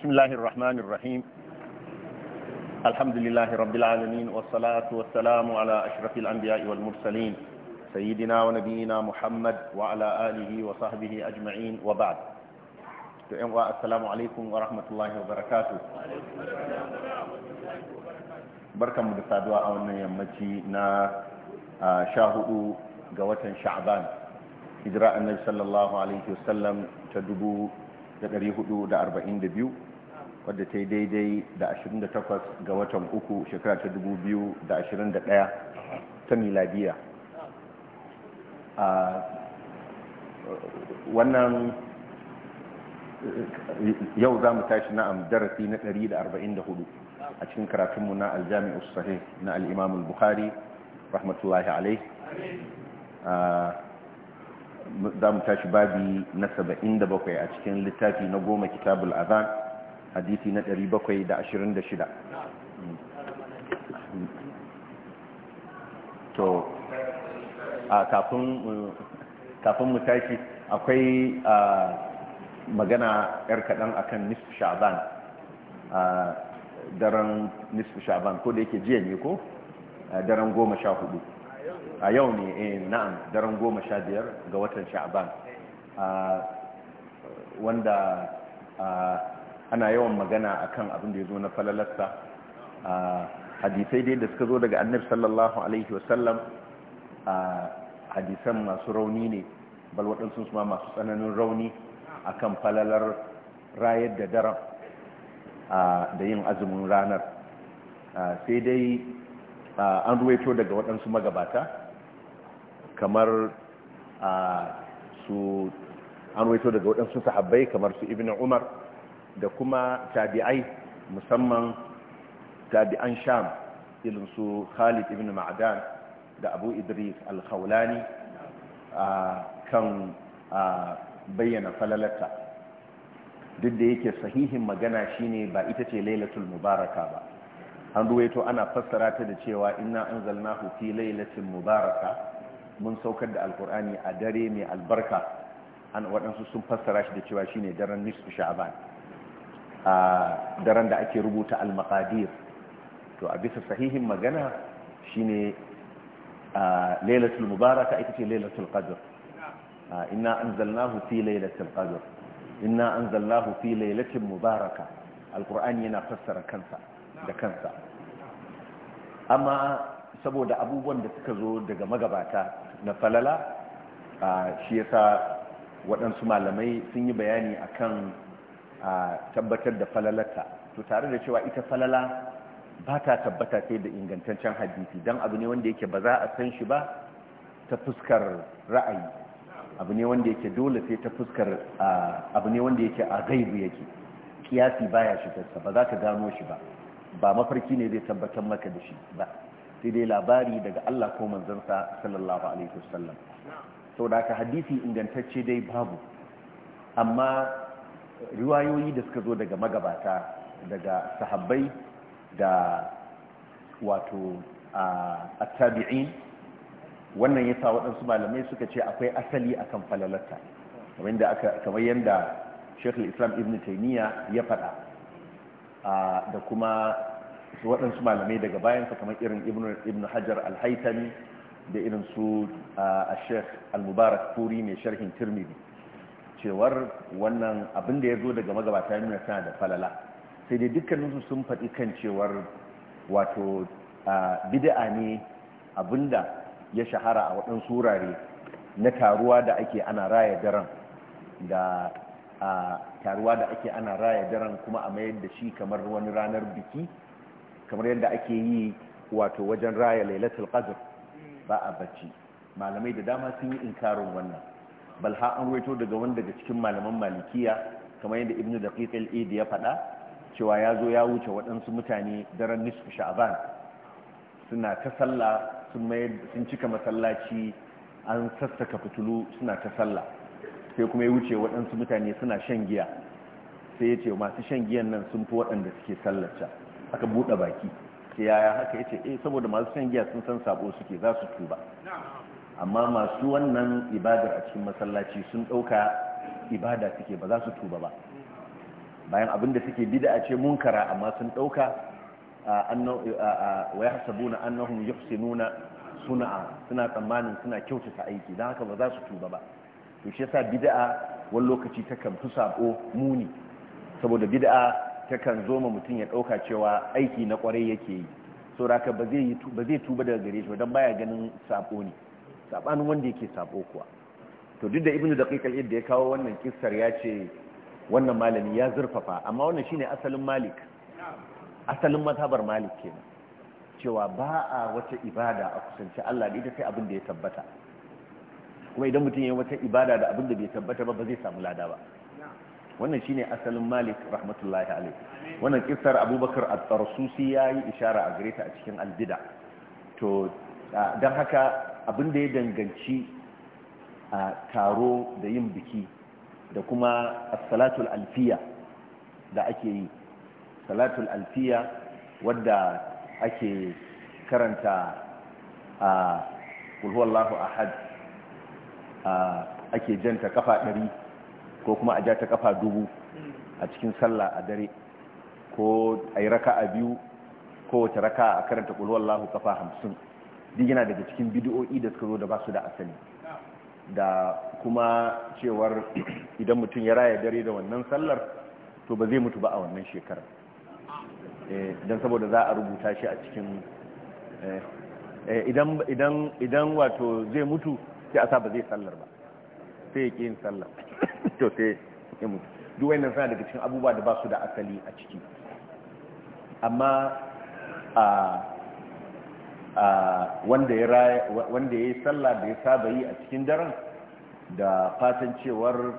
بسم الله الرحمن الرحيم الحمد لله رب العالمين والصلاة والسلام على أشرف الأنبياء والمرسلين سيدنا ونبينا محمد وعلى آله وصحبه أجمعين وبعد السلام عليكم ورحمة الله وبركاته بركة مدسادوا وعونا يمجي نا شاهدوا قوة شعبان إجراء النبي صلى الله عليه وسلم تدبو da 442 wadda ta yi daidai da 28 ga watan uku shekara ta 2021 ta miladiya a wannan yau za mu tashi na'am darasi na 144 a cikin karatunmu na aljami usahe na al'imamul buhari rahmatullahi alai za mu tashi babi na 77 a cikin littafi na goma kitabul azan hadisi na 726 to a kafin mu tashi akwai magana yar kaɗan akan nisfu sha'ban a daren nisfu sha'ban ko da yake jiya ne ko daren goma sha hudu a yau ne eh, na'am daren goma sha biyar ga watan sha'ban wanda ana yawan magana akan abin da ya zo na falalarsa a hadisai dai da suka zo daga annabi sallallahu alaihi wasallam a hadisan masu rauni ne bal waɗansu ma masu tsananin rauni akan falalar rayar da daren da yin azumin ranar sai dai an ruwaito daga waɗansu magabata kamar su an ruwaito daga waɗansu sahabbai kamar su ibn umar da kuma tabi'ai musamman tabi'an sham irin su khalid ibn ma'adan da abu idris al-khawlani kan bayyana falalata duk da yake sahihin magana shine ba ita ce lailatul mubaraka ba an ruwaito ana fassara ta da cewa inna anzalnahu fi lailatin mubaraka mun saukar da alkur'ani a dare mai albarka an waɗansu sun fassara shi da cewa shine daren nisfu sha'ban a daren da ake rubuta al-maqadir to a bisa sahihin magana shine a lailatul mubaraka ita ce lailatul qadr inna anzalnahu fi lailatul qadr inna anzalnahu fi lailatin mubaraka alqur'ani yana fassara kansa da kansa amma saboda abubuwan da suka zo daga magabata na falala shi yasa waɗansu malamai sun yi bayani akan a tabbatar da falalarta to tare da cewa ita falala ba ta tabbata sai da ingantaccen hadisi don abu ne wanda yake ba za a san shi ba ta fuskar ra'ayi abu ne wanda yake dole sai ta fuskar abu ne wanda yake a gaibu yake kiyasi baya shigarsa ba za ka gano shi ba ba mafarki ne zai tabbatar maka da shi ba sai dai labari daga Allah ko manzansa sallallahu alaihi wasallam sau da haka hadisi ingantacce dai babu amma riwayoyi da suka zo daga magabata daga sahabbai da wato a tabi'in wannan ya sa waɗansu malamai suka ce akwai asali a akan falalarta kamar yadda shekul islam ibn taimiyya ya faɗa da kuma waɗansu malamai daga bayansa kamar irin ibn hajar alhaitami da irin su a shekul al-mubarak furi mai sharhin tirmidhi cewar wannan abin da ya zo daga magabata nuna sana da falala sai dai dukkaninsu sun faɗi kan cewar wato bid'a ne da ya shahara a waɗansu wurare na taruwa da ake ana raya daren da taruwa da ake ana raya daren kuma a mayar da shi kamar wani ranar biki kamar yadda ake yi wato wajen raya lailatul qadr ba a bacci malamai da dama sun yi inkarin wannan bal ha an waito daga wanda daga cikin malaman malikiya kamar yadda ibnu daqiq al-idi ya faɗa cewa ya zo ya wuce waɗansu mutane daren nisfu sha'ban suna ta sallah sun cika masallaci an sassaka fitulu suna ta sallah sai kuma ya wuce waɗansu mutane suna shan giya sai ya ce masu shan giyan nan sun fi waɗanda suke sallaca aka buɗe baki sai yaya haka ya eh saboda masu shan giya sun san sabo suke za su tuba amma masu wannan ibadar a cikin masallaci sun ɗauka ibada suke ba za su tuba ba bayan abin da suke bida ce munkara amma sun ɗauka wa ya na annahun yuhsinuna suna suna tsammanin suna kyautata aiki don haka ba za su tuba ba to shi yasa bid'a wani lokaci ta kan fi sabo muni saboda bid'a ta kan zo ma mutum ya ɗauka cewa aiki na kwarai yake yi saboda haka ba zai tuba daga gare shi don baya ganin sabo ne sabanin wanda yake sabo kuwa to duk da ibnu daqiq al da ya kawo wannan kissar ya ce wannan malami ya zurfafa amma wannan shine asalin malik asalin mazhabar malik kenan cewa ba a wata ibada a kusanci Allah da ita sai abin da ya tabbata kuma idan mutum ya wata ibada da abin da bai tabbata ba ba zai samu lada ba wannan shine asalin malik rahmatullahi alaihi wannan kissar abubakar at-tarsusi yayi ishara a gareta a cikin al-bid'a to Ah, don haka abin da ya danganci a taro da yin biki da kuma salatul alfiya da ake yi salatul alfiya wadda ake karanta a kulhuwallahu ahad ake janta kafa ɗari ko kuma a ja kafa dubu a cikin sallah a dare ko a yi raka a biyu ko wata raka a karanta kulhuwallahu kafa hamsin duk yana daga cikin bidiyo'i da suka zo da ba su da asali da kuma cewar idan mutum ya raya dare da wannan sallar to ba zai mutu ba a wannan shekarar eh, don saboda za a rubuta shi a cikin eh, eh, idan wato zai mutu sai a sa ba zai sallar ba sai ya ƙi yin sallar to sai ya mutu duwai nan suna daga cikin abubuwa da ba su da asali a ciki amma a wanda ya yi sallah da ya saba yi a cikin daren da fatan cewar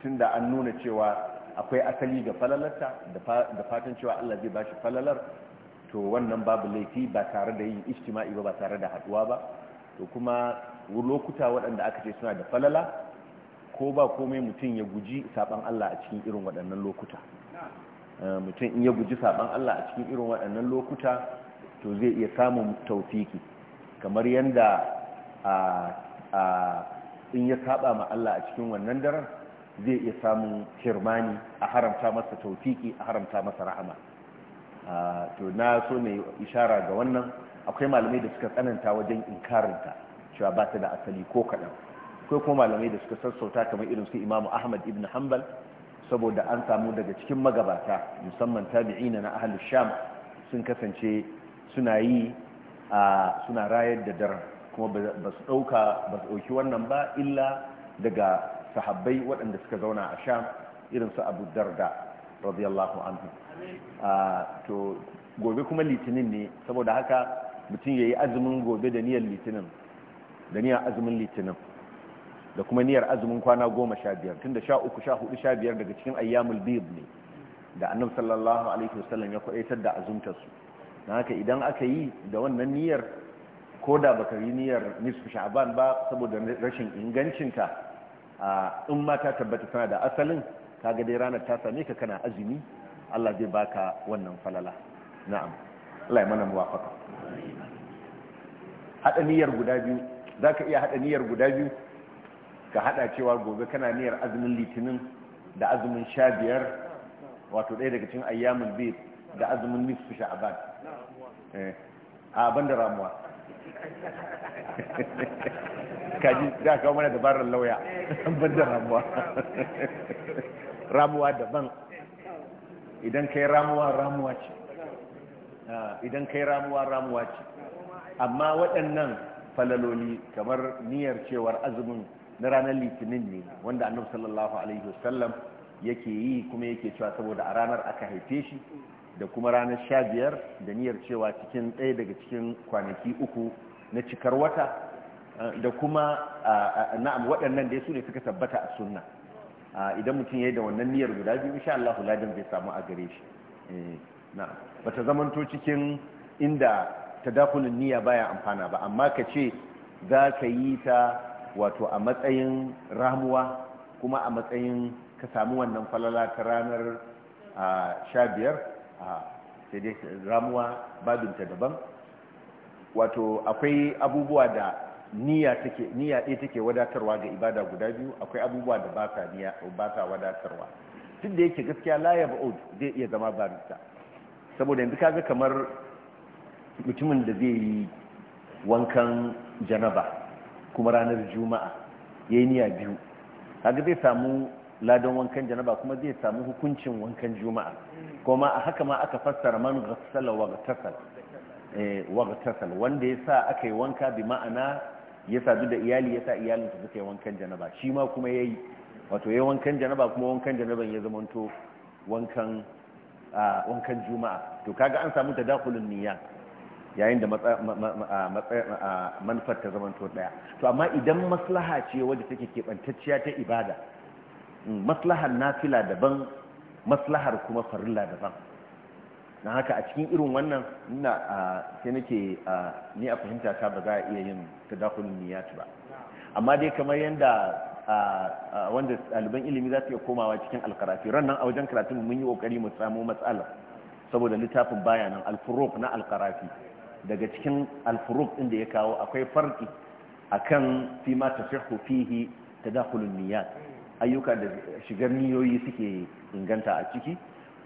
tun da an nuna cewa akwai asali ga falalarta da fatan cewa Allah zai ba shi falalar to wannan babu laifi ba tare da yin ishtima'i ba ba tare da haduwa ba to kuma lokuta waɗanda aka ce suna da falala ko ba komai mutum ya guji saban Allah a cikin irin waɗannan lokuta eh, mutum in ya guji saban Allah a cikin irin waɗannan lokuta to zai iya samun taufiki kamar yadda in ya saba ma Allah a cikin wannan daren zai iya samun shirmani a haramta masa taufiki a haramta masa rahama to na so mai ishara ga wannan akwai malamai da suka tsananta wajen inkarinta cewa ba ta da asali ko kaɗan akwai kuma malamai da suka sassauta kamar irin su imamu ahmad ibn hanbal saboda an samu daga cikin magabata musamman tabi'ina na ahalus sham sun kasance suna yi a suna rayar da daren kuma ba su ɗauka ba su ɗauki wannan ba illa daga sahabbai waɗanda suka zauna a sham irin su abu darda radiyallahu anhu to gobe kuma litinin ne saboda haka mutum ya yi azumin gobe da niyyar litinin da niyyar azumin litinin da kuma niyyar azumin kwana goma sha biyar tun da sha uku sha hudu sha biyar daga cikin ayyamul bib ne da annabi sallallahu alaihi wasallam ya kwaɗaitar da azumtarsu na haka idan aka yi da wannan niyyar ko da baka yi niyyar nisfu shaban ba saboda rashin ingancinta a in ma ta tabbata tana da asalin kaga dai ranar ta same ka kana azumi Allah zai baka wannan falala na'am Allah ya mana muwafaka hada niyyar guda biyu zaka iya hada niyyar guda biyu ka hada cewa gobe kana niyyar azumin litinin da azumin sha biyar wato ɗaya daga cikin ayyamin bid da azumin nisfi sha'ban eh, a ban da ramuwa kaji za kawo mana dabarar lauya ban da ramuwa ramuwa daban idan kai ramuwa ramuwa ce ah, idan kai ramuwa ramuwa ce amma waɗannan falaloli kamar niyyar cewar azumin na ranar litinin ne wanda annabi sallallahu alaihi wasallam yake yi kuma yake cewa saboda a ranar aka haife shi da kuma ranar sha biyar da niyyar cewa cikin ɗaya daga cikin kwanaki uku na cikar wata eh, da kuma na'am waɗannan da su ne suka tabbata a sunna idan mutum ya yi da wannan niyyar guda biyu sha Allah ladan zai samu a gare shi eh, na'am bata zamanto cikin inda ta tadakulun niyya baya amfana ba amma ka ce za ka yi ta wato a matsayin ramuwa kuma a matsayin ka samu wannan falala ta ranar sha biyar sai dai ramuwa babinta daban wato akwai abubuwa da niyya take niyya ɗaya take wadatarwa ga ibada guda biyu akwai abubuwa da ba ta niyya ba ta wadatarwa tun da yake gaskiya la ya ba'ud zai iya zama barista saboda yanzu kaga kamar mutumin da zai yi wankan janaba kuma ranar juma'a yayi niyya biyu kaga zai samu ladan wankan janaba kuma zai samu hukuncin wankan juma'a kuma a haka ma aka fassara man ghassala wa ghtasal eh wa ghtasal wanda yasa aka yi wanka bi ma'ana ya sadu da iyali yasa iyalin su suka yi wankan janaba shi ma kuma yayi wato yayi wankan janaba kuma wankan janaban ya zamanto wankan wankan juma'a to kaga an samu tadakulun niyya yayin da manufar ta zamanto daya to amma idan maslaha ce wadda take kebantacciya ta ibada maslahar nafila daban maslahar kuma farilla daban na haka a cikin irin wannan ina sai nake ni a fahimta ta ba za a iya yin tadakulun niyyat ba amma dai kamar yadda wanda ɗaliban ilimi za su iya komawa cikin alkarafi rannan a wajen karatun mun yi kokari mu samu matsala saboda littafin bayanan alfuruk na alkarafi daga cikin alfuruk din da ya kawo akwai farki akan fi ma tafihu fihi tadakulun niyyat ayyuka da shigar niyoyi suke inganta a ciki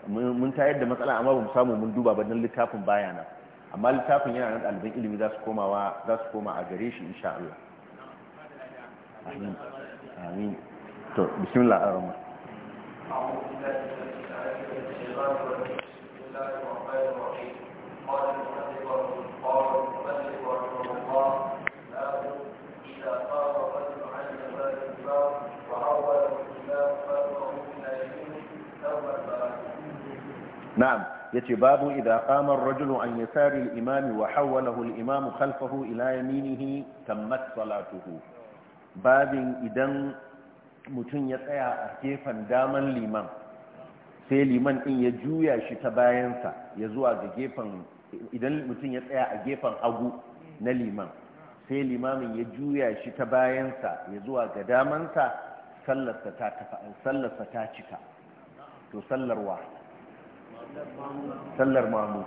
mun tayar da matsala amma ba mu samu mun duba ba don littafin baya amma littafin yana nan ɗaliban ilimi za su komawa za su koma a gare shi insha Allah amin amin to bismillah ar-rahman أعوذ بالله من الشيطان الرجيم بسم الله yace babu idza qama ar-rajulu an yasari al-imam wa hawwalahu al-imam khalfahu ila yaminihi tammat salatuhu babin idan mutum ya tsaya a gefen daman liman sai liman din ya juya shi ta bayansa ya zuwa ga gefen idan mutum ya tsaya a gefen hagu na liman sai limamin ya juya shi ta bayansa ya zuwa ga damansa sallarsa ta cika to sallarwa sallar mamu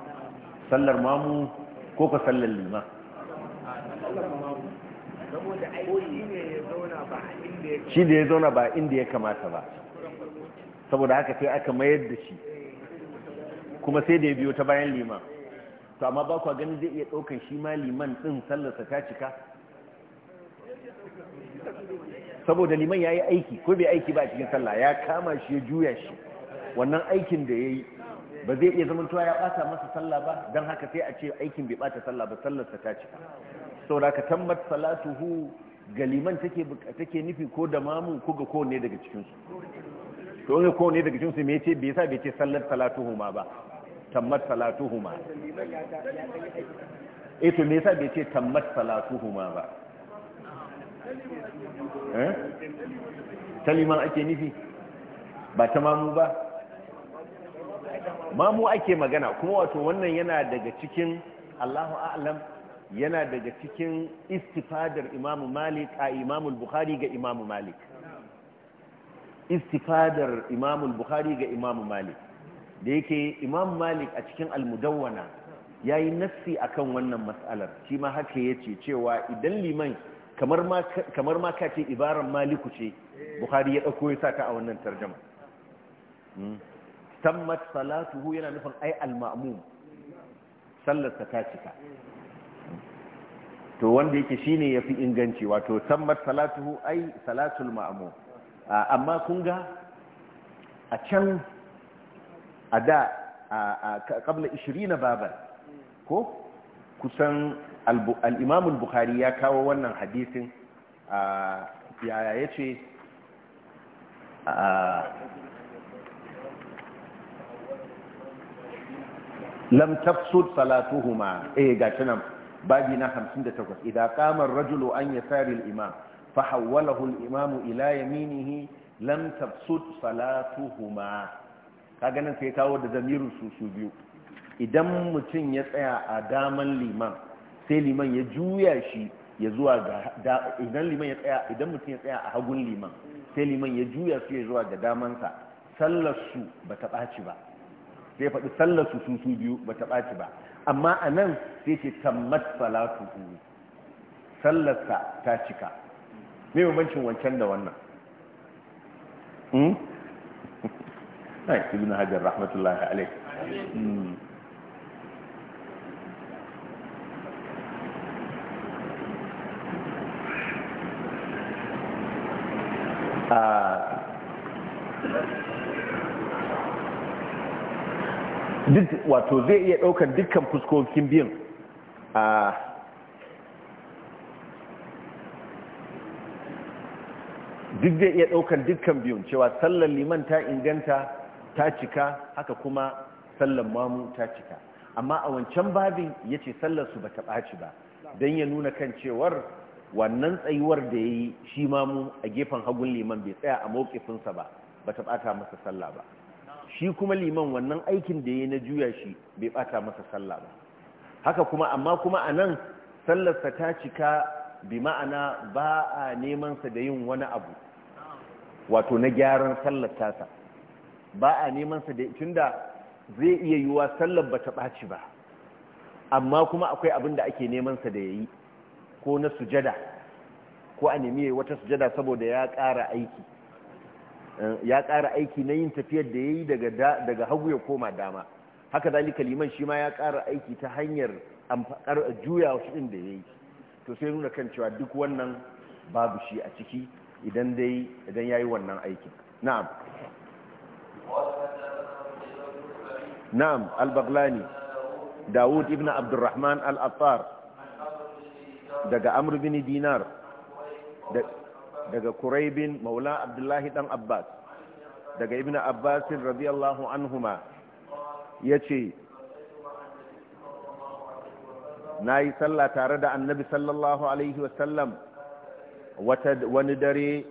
sallar mamu ko ka sallar lima shi da ya zauna ba inda ya kamata ba saboda haka sai aka mayar da shi kuma sai da ya biyo ta bayan liman to amma ba kwa ganin zai iya ɗaukan shi ma liman ɗin sallarsa ta cika saboda liman ya yi aiki ko bai aiki ba a cikin sallah ya kama shi ya juya shi wannan aikin da ya yi ba zai iya tuwa ya bata masa sallah ba don haka sai a ce aikin bai bata sallah ba sallarsa ta cika saboda ka salatu salatuhu galiman take take nufi ko da mamu ko ga kowanne daga cikin su to ne kowanne daga cikin su me yace bai sa bai ce sallar salatuhu ma ba tammat salatuhu ma eh to me yasa bai ce tammat salatuhu ma ba eh taliman ake nufi ba ta mamu ba mu ake magana kuma wato wannan yana daga cikin Allahu a'lam yana daga cikin istifadar Imam Malik a Imam Bukhari ga Imam Malik istifadar Imam Bukhari ga Imam Malik da yake Imam Malik a cikin Al-Mudawwana yayi nassi akan wannan mas'alar shi ma haka yace cewa idan liman kamar ma kamar ma kace ibaran Maliku ce Bukhari ya dauko ya saka a wannan tarjuma hmm. tammat salatuhu yana nufin ai al-ma'mum sallarsa ta cika to wanda yake shine yafi inganci wato tammat salatuhu ai salatul ma'mum amma kun ga a can a da kabla 20 baban ko kusan al-imam al-bukhari ya kawo wannan hadisin a yaya yace لم تفسد صلاتهما eh غاشنا nan babi na 58 idan قام الرجل rajulu an yasari فحوله imam fa يمينه لم تفسد ila yaminihi lam tafsud salatuhuma kaga nan sai kawo da zamirin su biyu idan mutum ya tsaya a daman liman sai liman ya juya shi ya zuwa ga idan liman ya tsaya idan mutum ya tsaya a hagun liman sai liman ya juya su ya zuwa ga damansa sallar su ta ɓaci ba sai faɗi sallar su su biyu ba ta ɓaci ba amma a nan sai ce tammat salatu sallarsa ta cika me mabancin wancan da wannan hmm? ibn hajjar rahmatullahi alaihi hmm. duk wato zai iya ɗaukar dukkan fuskokin biyun a duk zai iya ɗaukar dukkan biyun cewa sallar liman ta inganta ta cika haka kuma sallar mamu ta cika amma a wancan babin ya ce sallar su ba ta ɓaci ba don ya nuna kan cewar wannan tsayuwar da ya yi shi mamu a gefen hagun liman bai tsaya a mokifinsa ba ba ta ɓata masa sallah ba shi kuma liman wannan aikin da ya na juya shi bai bata masa sallah ba haka kuma amma kuma a nan sallarsa ta cika bi ma'ana ba a nemansa da yin wani abu wato na gyaran sallar tasa ba a nemansa da tun da zai iya yiwuwa sallar ba ta ɓaci ba amma kuma akwai abin da ake nemansa da ya yi ko na sujada ko a nemi wata sujada saboda ya ƙara aiki Eh, ya ƙara aiki na yin tafiyar da ya yi daga hagu ya koma dama haka zalika liman shi ma ya ƙara aiki ta hanyar juya wasu ɗin da ya yi to sai nuna kan cewa duk wannan babu shi a ciki idan dai ya yi wannan aiki na'am na'am albaglani dawud ibn abdurrahman al-attar daga amr dinar da daga kuraibin maula abdullahi dan abbas daga ibn abbasin radiyallahu anhuma ya ce na yi sallah tare da annabi sallallahu alaihi wasallam wani dare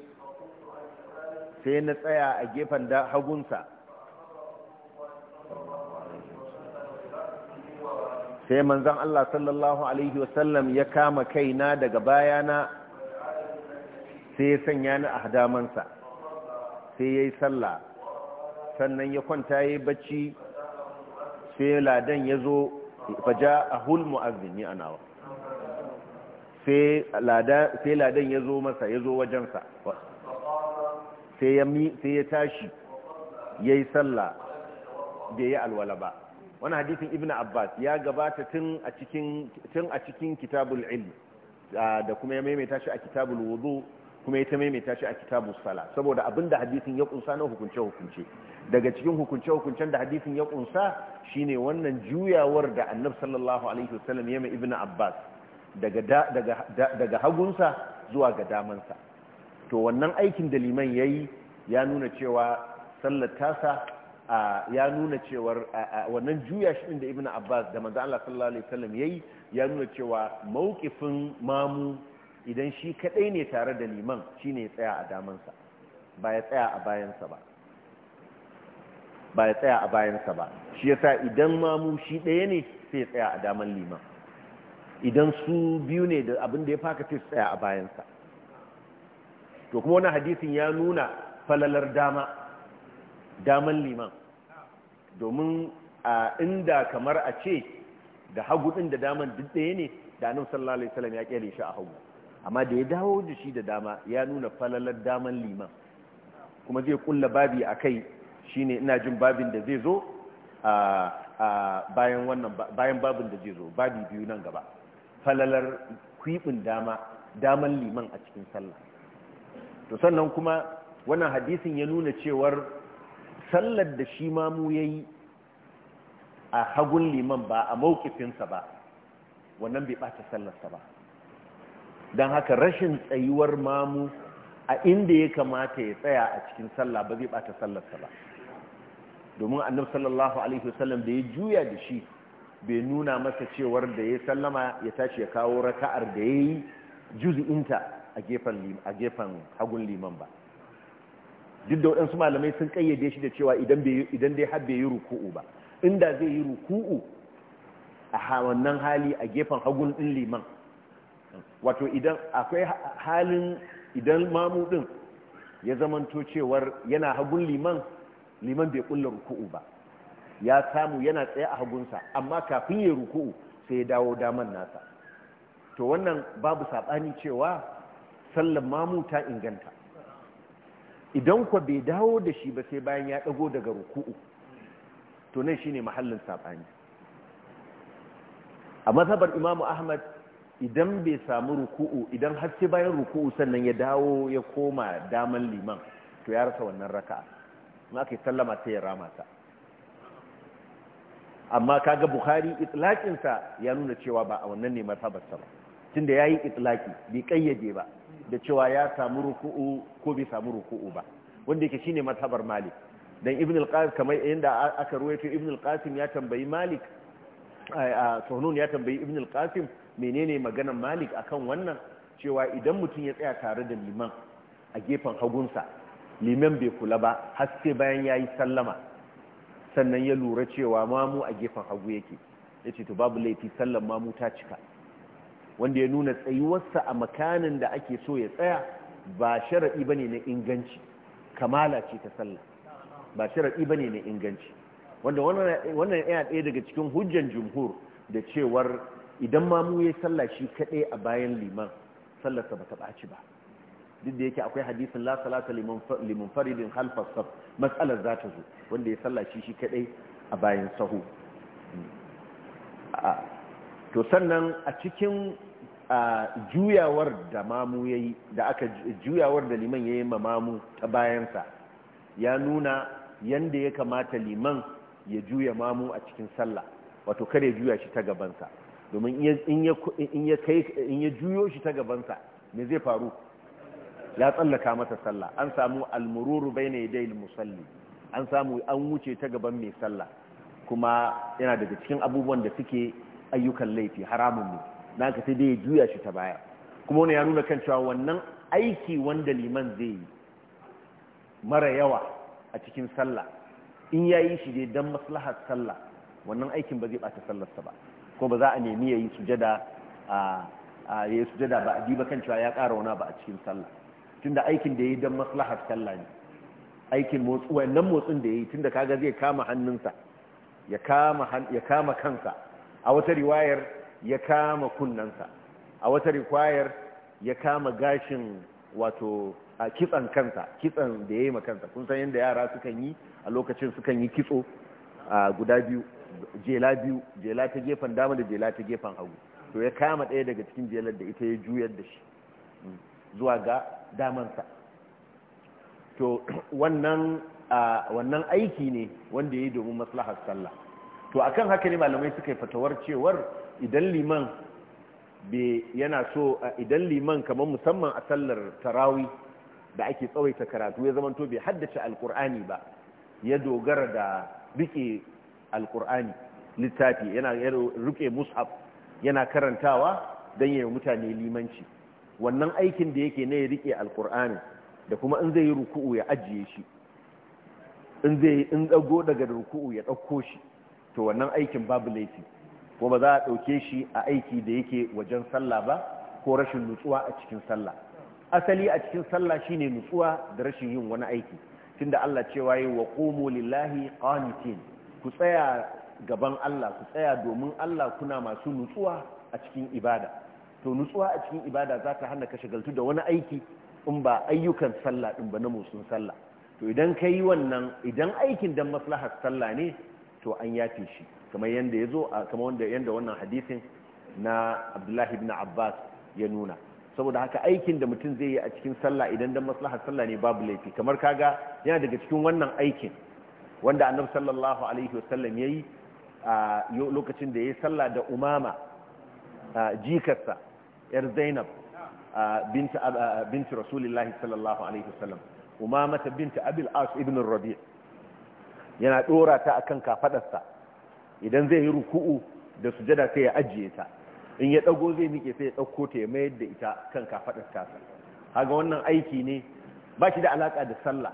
sai na tsaya a gefen da hagunsa sai manzan Allah sallallahu alaihi wasallam ya kama kaina daga bayana sai ya sanya ni a damansa sai ya yi sallah sannan ya kwanta ya yi bacci sai ladan ya zo faja a hulmu azumi a nawa sai ladan ya zo masa ya zo wajensa sai ya tashi ya yi sallah bai yi alwala ba wani hadithin ibn abbas ya gabata tun a cikin kitabul ilm da kuma ya maimaita shi a kitabul wuzu. kuma ya ta maimaita shi a kitabu sala saboda abin da hadisin ya kunsa na hukunce-hukunce daga cikin hukunce-hukuncen da hadisin ya kunsa shine wannan juyawar da annab sallallahu alaihi wasallam ya mai ibn abbas daga hagunsa zuwa ga damansa to wannan aikin da liman ya yi ya nuna cewa sallar ya nuna cewar wannan juya shi da ibn abbas da manzo Allah sallallahu alaihi wasallam yayi ya nuna cewa mawukifin mamu idan shi kaɗai ne tare da liman shine ya tsaya a damansa ba ya tsaya a bayansa ba ba ya tsaya a bayansa ba shi sa idan mamu shi ɗaya ne sai ya tsaya a daman liman idan su biyu ne da abin da ya faka sai tsaya a bayansa to kuma wani hadisin ya nuna falalar dama daman liman domin a inda kamar a ce da hagu ɗin da daman duk ɗaya ne da annabi sallallahu alaihi wasallam ya kere shi a hagu amma da ya dawo da shi da dama ya nuna falalar daman liman kuma zai kulla babi a kai shi ne ina jin babin da zai zo bayan babin da zai zo babi biyu nan gaba falalar kwiɓin dama daman liman a cikin sallah to sannan kuma wannan hadisin ya nuna cewar sallar da shi mamu ya yi a hagun liman ba a maukifinsa ba wannan bai ɓata sallarsa ba don haka rashin tsayuwar mamu a inda ya kamata ya tsaya a cikin sallah ba zai bata sallarsa ba domin annabi sallallahu alaihi wasallam da ya juya da shi bai nuna masa cewar da ya sallama ya tashi ya kawo raka'ar da ya yi juz'inta a gefen a hagun liman ba duk da waɗansu malamai sun kayyade shi da cewa idan dai har bai yi ruku'u ba inda zai yi ruku'u a wannan hali a gefen hagun ɗin liman wato idan akwai halin idan mamu din ya zamanto cewar yana hagun liman liman bai kulla ruku'u ba ya samu yana tsaye a hagunsa amma kafin ya ruku'u sai ya dawo daman nasa to wannan babu saɓani cewa sallan mamu ta inganta idan kwa bai dawo da shi ba sai bayan ya ɗago daga ruku'u to nan shine mahallin saɓani a mazhabar imamu ahmad idan bai samu ruku'u idan har sai bayan ruku'u sannan ya dawo ya koma daman liman to ya rasa wannan raka'a in aka yi sallama sai ya rama ta amma kaga bukhari itlaqin sa ya nuna cewa ba a wannan ne mazhabar ta ba tunda yayi itlaqi bai kayyade ba da cewa ya samu ruku'u ko bai samu ruku'u ba wanda yake shine mazhabar malik dan ibn al-qasim kamar yanda aka ruwaito ibn al-qasim ya tambayi malik sunun ya tambayi ibn al-qasim menene maganan malik akan wannan cewa idan mutum ya tsaya tare da liman a gefen hagunsa liman bai kula ba har sai bayan ya yi sallama sannan ya lura cewa mamu a gefen hagu yake ya ce to babu laifi sallan mamu ta cika wanda ya nuna tsayuwarsa a makanin da ake so ya tsaya ba sharaɗi ba ne na inganci kamala ce ta sallah ba sharaɗi ba ne na inganci wanda wannan yana ɗaya daga cikin hujjan jumhur da cewar idan ma mu yayi sallah shi kaɗai a bayan liman sallarsa ba ta ɓaci ba duk da yake akwai hadisin la salata liman faridin halfas saf matsalar za ta zo wanda ya sallah shi shi kaɗai a bayan sahu to sannan a cikin juyawar da mamu yayi da aka juyawar da liman yayi ma mamu ta bayansa ya nuna yanda ya kamata liman ya juya mamu a cikin sallah wato kare juya shi ta gabansa domin in ya juyo shi ta gabansa me zai faru ya tsallaka mata sallah an samu almururu bai ne dai musalli an samu an wuce ta gaban mai sallah kuma yana daga cikin abubuwan da suke ayyukan laifi haramun ne na ka sai dai ya juya shi ta baya kuma wani ya nuna kan cewa wannan aiki wanda liman zai yi mara yawa a cikin sallah in ya yi shi dai don maslahar sallah wannan aikin ba zai ɓata sallarsa ba kuma ba za a nemi ya yi sujada a ya yi sujada ba a ba kan cewa ya ƙara wana ba a cikin sallah tunda aikin da ya yi don maslahar sallah ne aikin wannan motsin da ya yi tunda kaga zai kama hannunsa ya kama kansa a wata riwayar ya kama kunnansa a wata riwayar ya kama gashin wato a kitsan kansa kitsan da ya yi makansa kun san yadda yara sukan yi a lokacin sukan yi kitso a guda biyu jela biyu jela ta gefen dama da jela ta gefen hagu to ya kama ɗaya daga cikin jelar da ita ya juyar da shi mm, zuwa ga damansa to wannan aiki ne wanda ya yi domin maslahar sallah to akan haka ne malamai suka yi fatawar cewar idan liman yana so idan liman kamar musamman a sallar tarawi da ake tsawaita karatu ya zamanto bai haddace alkur'ani ba ya dogara da rike alkur'ani littafi yana ruke mushaf yana karantawa don yi mutane limanci wannan aikin da yake na ya rike alkur'ani da kuma in zai yi ruku'u ya ajiye shi in zai in dago daga ruku'u ya ɗauko shi to wannan aikin babu laifi ko ba za a ɗauke shi a aiki da yake wajen sallah ba ko rashin nutsuwa a cikin sallah asali a cikin sallah shine nutsuwa da rashin yin wani aiki tunda Allah cewa yi wa qumu lillahi qanitin ku tsaya gaban Allah ku tsaya domin Allah kuna masu nutsuwa a cikin ibada to nutsuwa a cikin ibada za ta hana ka shagaltu da wani aiki in ba ayyukan sallah din ba na musun sallah to idan ka yi wannan idan aikin dan maslahar sallah ne to an yafe shi kamar yanda yazo kamar wanda yanda wannan hadisin na Abdullahi ibn Abbas ya nuna saboda haka aikin da mutum zai yi a cikin sallah idan dan maslahar sallah ne babu laifi kamar kaga yana daga cikin wannan aikin wanda annabi sallallahu alaihi wasallam yayi a lokacin da yayi sallah da umama jikarsa yar zainab binti binti rasulullahi sallallahu alaihi wasallam umama ta binta abil as ibn rabi' yana dora ta akan kafadarsa idan zai yi ruku'u da sujada sai ya ajiye ta in ya dago zai mike sai ya dauko ta ya mayar da ita kan kafadarsa haga wannan aiki ne ba shi da alaka da sallah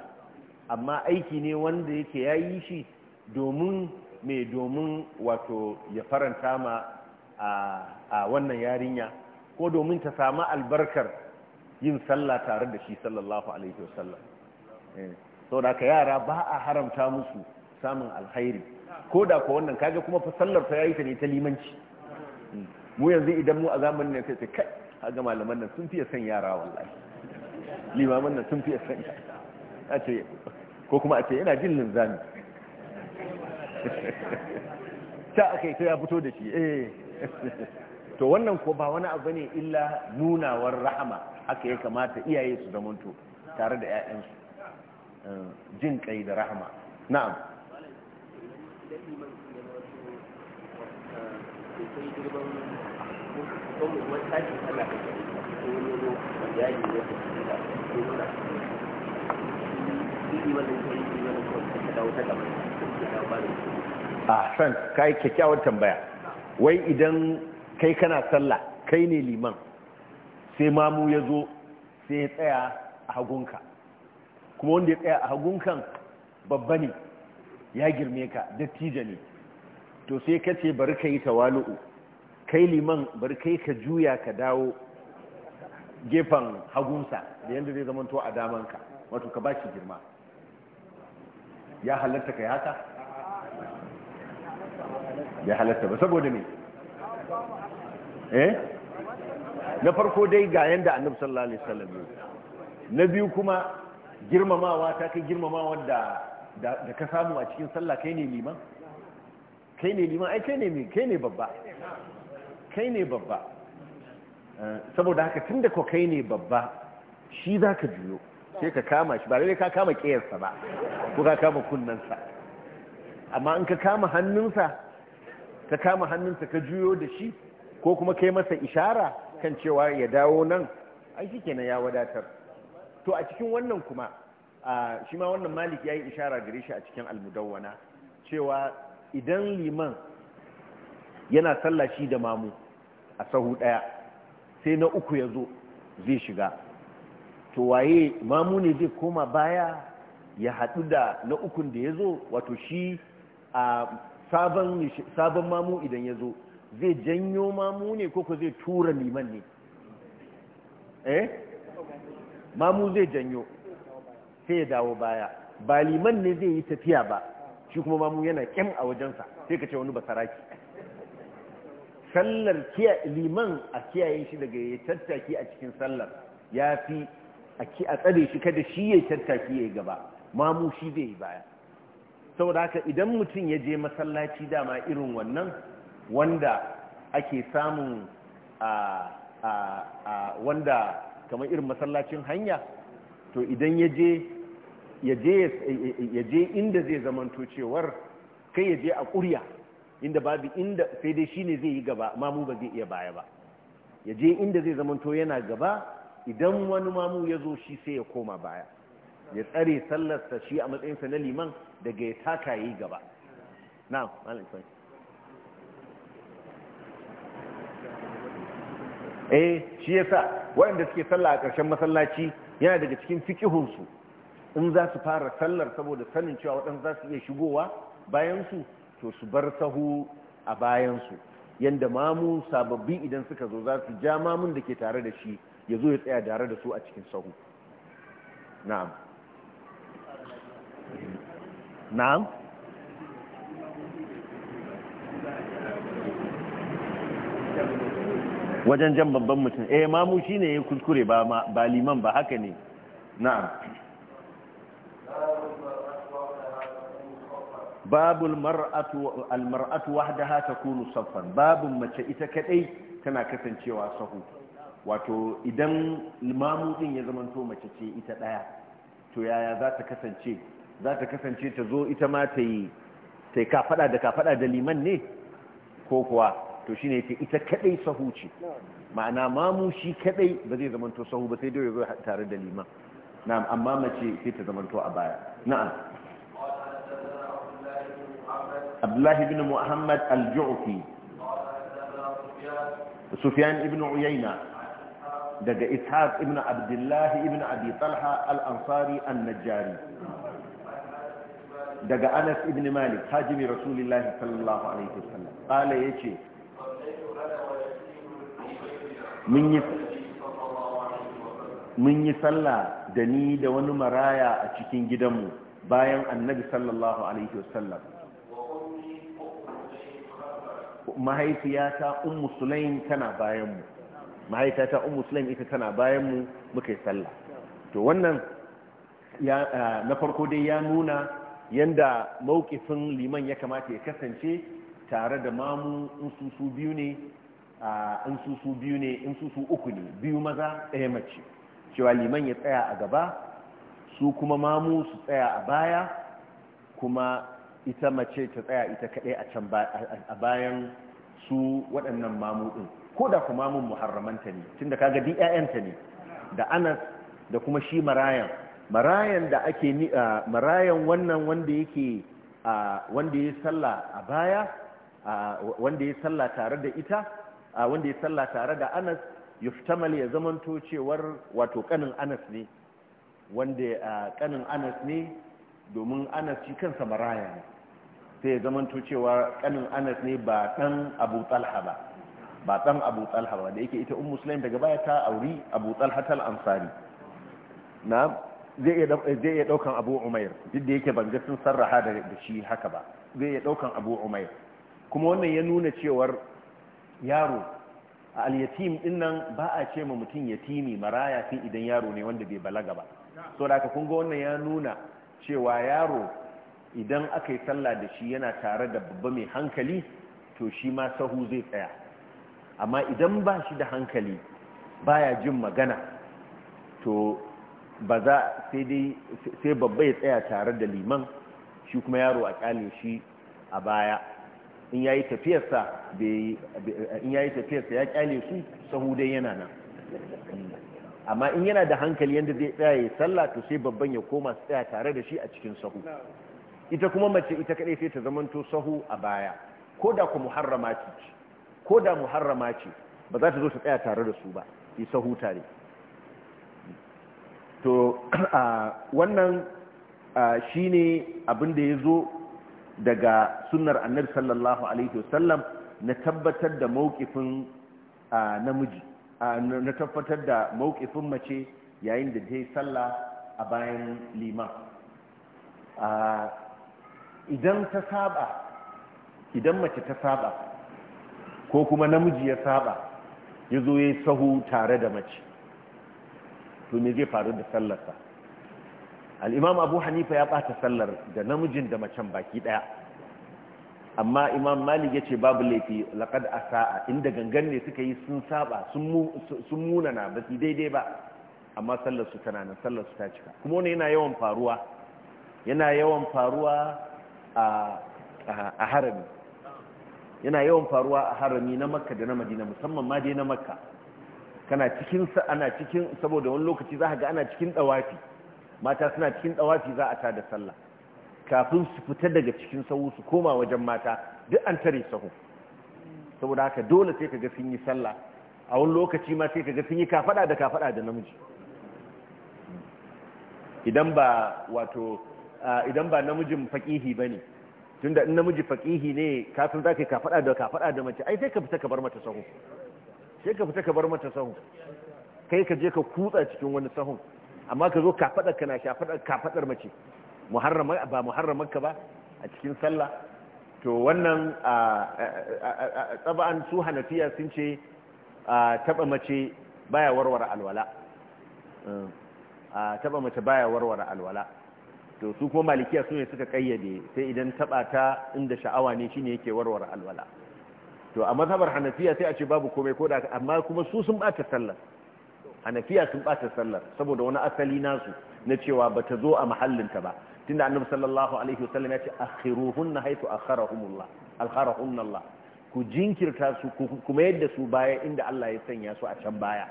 amma aiki ne wanda yake ya yi shi domin mai domin wato ya faranta ma a wannan yarinya ko domin ta samu albarkar yin sallah tare da shi sallallahu alaihi wasallam eh, sau da ka yara ba a haramta musu samun alhairi ko da ko wannan kaga kuma fa sallar ta yayi ta ne ta limanci hmm. mu yanzu idan mu a zamanin ya sai kai ga malaman nan sun fiye son yara wallahi limaman nan sun fiye son yara a ce ko kuma a ce yana jin linzami ta aka yi ta ya fito da shi eh to wannan ko ba wani abu ne illa nunawar rahama haka ya kamata iyaye su zamanto tare da 'ya'yansu jin kai da rahama na'am a san kai kyakkyawar tambaya wai idan kai kana sallah kai ne liman sai mamu ya zo sai ya tsaya a hagunka kuma wanda ya tsaya a hagunkan babba ne ya girme ka tija ne to sai ka ce bari ka yi tawalu'u kai liman bari kai ka juya ka dawo gefen hagunsa da yadda zai zamanto a damanka wato ka ba shi girma ya halatta ka yata ya halatta ba saboda ne eh na farko dai ga yanda annabi sallallahu alaihi wasallam na biyu kuma girmamawa ta kai girmamawa da da ka samu a cikin sallah kai ne liman kai ne liman ai kai ne mai kai ne babba kai ne babba eh, saboda haka tunda ko kai ne babba shi zaka juyo sai ka kama shi ba lalle ka kama ƙeyarsa ba ko ka kama kunnansa amma in ka kama hannunsa ka kama hannunsa ka juyo da shi ko kuma kai masa ishara kan cewa ya dawo nan ai shi kenan ya wadatar to a cikin wannan kuma shi ma wannan malik ya yi ishara gare shi a cikin almudawwana cewa idan liman yana sallah shi da mamu a sahu ɗaya sai na uku ya zo zai shiga to waye mamu ne zai koma baya ya haɗu da na ukun da ya zo wato shi a sabon mamu idan ya zo zai janyo mamu ne ko ko zai tura liman ne eh mamu zai janyo sai ya dawo baya ba liman ne zai yi tafiya ba shi kuma mamu yana kyam a wajensa sai ka ce wani basaraki sallar liman a kiyaye shi daga ya tattaki a cikin sallar ya fi a tsare shi kada shi ya tattaki ya gaba mamu shi zai yi baya saboda haka idan mutum ya je masallaci dama irin wannan wanda ake samun wanda kamar irin masallacin hanya to idan ya je inda zai zamanto cewar kai ya je a ƙurya inda babu inda sai dai shi ne zai yi gaba mamu ba zai iya baya ba ya je inda zai zamanto yana gaba idan wani mamu ya zo shi sai ya koma baya ya tsare sallarsa shi a matsayinsa na liman daga ya taka yi gaba na malaikun eh shi yasa waɗanda suke salla a ƙarshen masallaci yana daga cikin fikihunsu in za su fara sallar saboda sanin cewa waɗanda za su iya shigowa bayansu to su bar sahu a bayansu yadda mamu sababbi idan suka zo za su ja mamun da ke tare da shi ya zo ya tsaya tare da su a cikin sahu na'am na'am wajen jan babban mutum eh mamu shine ya kuskure ba liman ba haka ne na'am babul mar'atu wahdaha takunu saffan babun mace ita kadai tana kasancewa sahu wato idan limamu din ya zama to mace ce ita daya to yaya za ta kasance za ta kasance ta zo ita ma ta yi ta ka fada da ka da liman ne ko kuwa to shine yake ita kadai sahu ce ma'ana mamu shi kadai ba zai zama to sahu ba sai dai ya zo tare da liman na'am amma mace sai ta zama to a baya na'am Abdullahi bin Muhammad al-Ju'fi Sufyan ibn Uyayna daga ishaq ibn abdullahi ibn abi talha al-ansari an-najjari daga anas ibn malik hajimi rasulullahi sallallahu alaihi wasallam qala yace mun yi mun yi sallah da ni da wani maraya a cikin gidanmu bayan annabi sallallahu alaihi wasallam mahaifiyata ummu sulaim tana bayanmu mahaifiyata ummu sulaim ita tana bayan mu muka yi sallah to wannan na farko dai ya nuna yadda mawkifin liman ya kamata ya kasance tare da mamu in biyu ne in insusu biyu ne insusu uku ne biyu maza ɗaya mace cewa liman ya tsaya a gaba su kuma mamu su tsaya a baya kuma ita mace ta tsaya ita kaɗai a bayan su waɗannan mamu ɗin ko da kuma mamun muharramanta ne tunda kaga duk ta ne da Anas da kuma shi marayan marayan da ake ni marayan wannan wanda yake wanda ya sallah a baya wanda ya sallah tare da ita wanda ya sallah tare da Anas yuftamal ya zamanto cewar wato kanin Anas ne wanda kanin Anas ne domin Anas shi kansa maraya ne sai ya zamanto cewa kanin anas ne ba dan abu talha ba ba dan abu talha ba da yake ita ummu sulaim daga baya ta auri abu talha tal ansari na zai iya zai iya daukan abu umair duk da yake ban ga sun sarraha da shi haka ba zai iya daukan abu umair kuma wannan ya nuna cewar yaro a al-yatim din nan ba a ce ma mutum yatimi maraya sai idan yaro ne wanda bai balaga ba so da haka kun ga wannan ya nuna cewa yaro idan aka yi sallah da shi yana tare da babba mai hankali to shi ma sahu zai tsaya amma idan ba shi da hankali baya jin magana to ba za sai babba ya tsaya tare da liman shi kuma yaro a kyale shi a baya in ya yi tafiyarsa ya kyale su sahu dai yana nan amma in yana da hankali yadda zai tsaya ya sallah to sai babban ya koma tsaya tare da shi a cikin sahu ita kuma mace ita kaɗai sai ta zamanto sahu a baya ko da ku muharrama ce ko da muharrama ce ba za ta zo ta tsaya tare da su ba yi sahu tare to wannan shine abin da ya zo daga sunnar annabi sallallahu alaihi wasallam na tabbatar da mawqifin namiji na tabbatar da mawqifin mace yayin da ta yi sallah a bayan liman idan ta saba idan mace ta saba ko kuma namiji ya saba ya zo ya sahu tare da mace to me zai faru da sallarsa al'imam abu hanifa ya bata sallar da namijin da macen baki ɗaya, amma imam malik ya ce babu laifi laƙad a sa'a inda gangan ne suka yi sun saba sun munana ba daidai ba amma sallarsu tana nan sallarsu ta cika kuma wani yana yawan faruwa yana yawan faruwa a harami yana yawan faruwa a harami na makka da na madina musamman ma dai na makka kana cikin ana cikin saboda wani lokaci za ga ana cikin dawafi mata suna cikin dawafi za a ta da sallah kafin su fita daga cikin sahu su koma wajen mata duk an tare sahu saboda haka dole sai kaga sun yi sallah a wani lokaci ma sai kaga sun yi kafada da kafada da namiji idan ba wato idan ba namijin faƙihi ba ne tunda in namiji faƙihi ne kafin za ka yi kafaɗa da kafaɗa da mace ai sai ka fita ka bar mata sahu sai ka fita ka bar mata sahu kai ka je ka kutsa cikin wani sahun amma ka zo kafaɗar ka na shafaɗar kafaɗar mace ba muharraman ka ba a cikin sallah to wannan tsaba'an su hanafiya sun ce taɓa mace baya warware alwala taɓa mace baya warware alwala to su kuma malikiya su ne suka kayyade sai idan taba ta inda sha'awa ne shine yake warware alwala to a mazhabar hanafiya sai a ce babu komai ko da amma kuma su sun bata sallar hanafiya sun bata sallar saboda wani asali nasu na cewa bata zo a mahallin ta ba tunda annabi sallallahu alaihi wasallam ya ce akhiruhunna haythu akharahumullah akharahunna Allah ku jinkirta su kuma yadda su baya inda Allah ya sanya su a can baya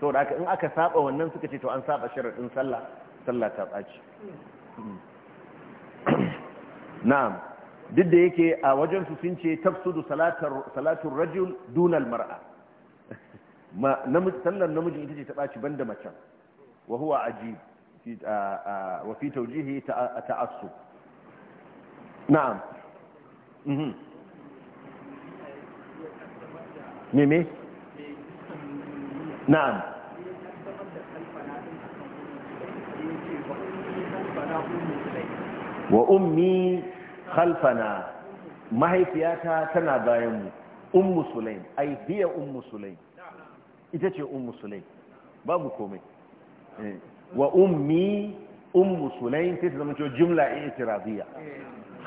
saboda haka in aka saba wannan suka ce to an saba sharadin sallah sallah ta tsaci na'am duk da yake a wajen su sun ce tafsudu salatul rajul dunal mar'a sallar namiji ita ce ta ɓaci banda macen wa huwa ajib wa fi taujihi ta'assub na'am Mimi? na'am wa ummi khalfana mahaifiyata tana bayan mu ummu sulaim ai hiya ummu sulaim ita ce ummu sulaim babu komai eh. wa ummi ummu sulaim sai ta zama cewa jumla i'tiradiyya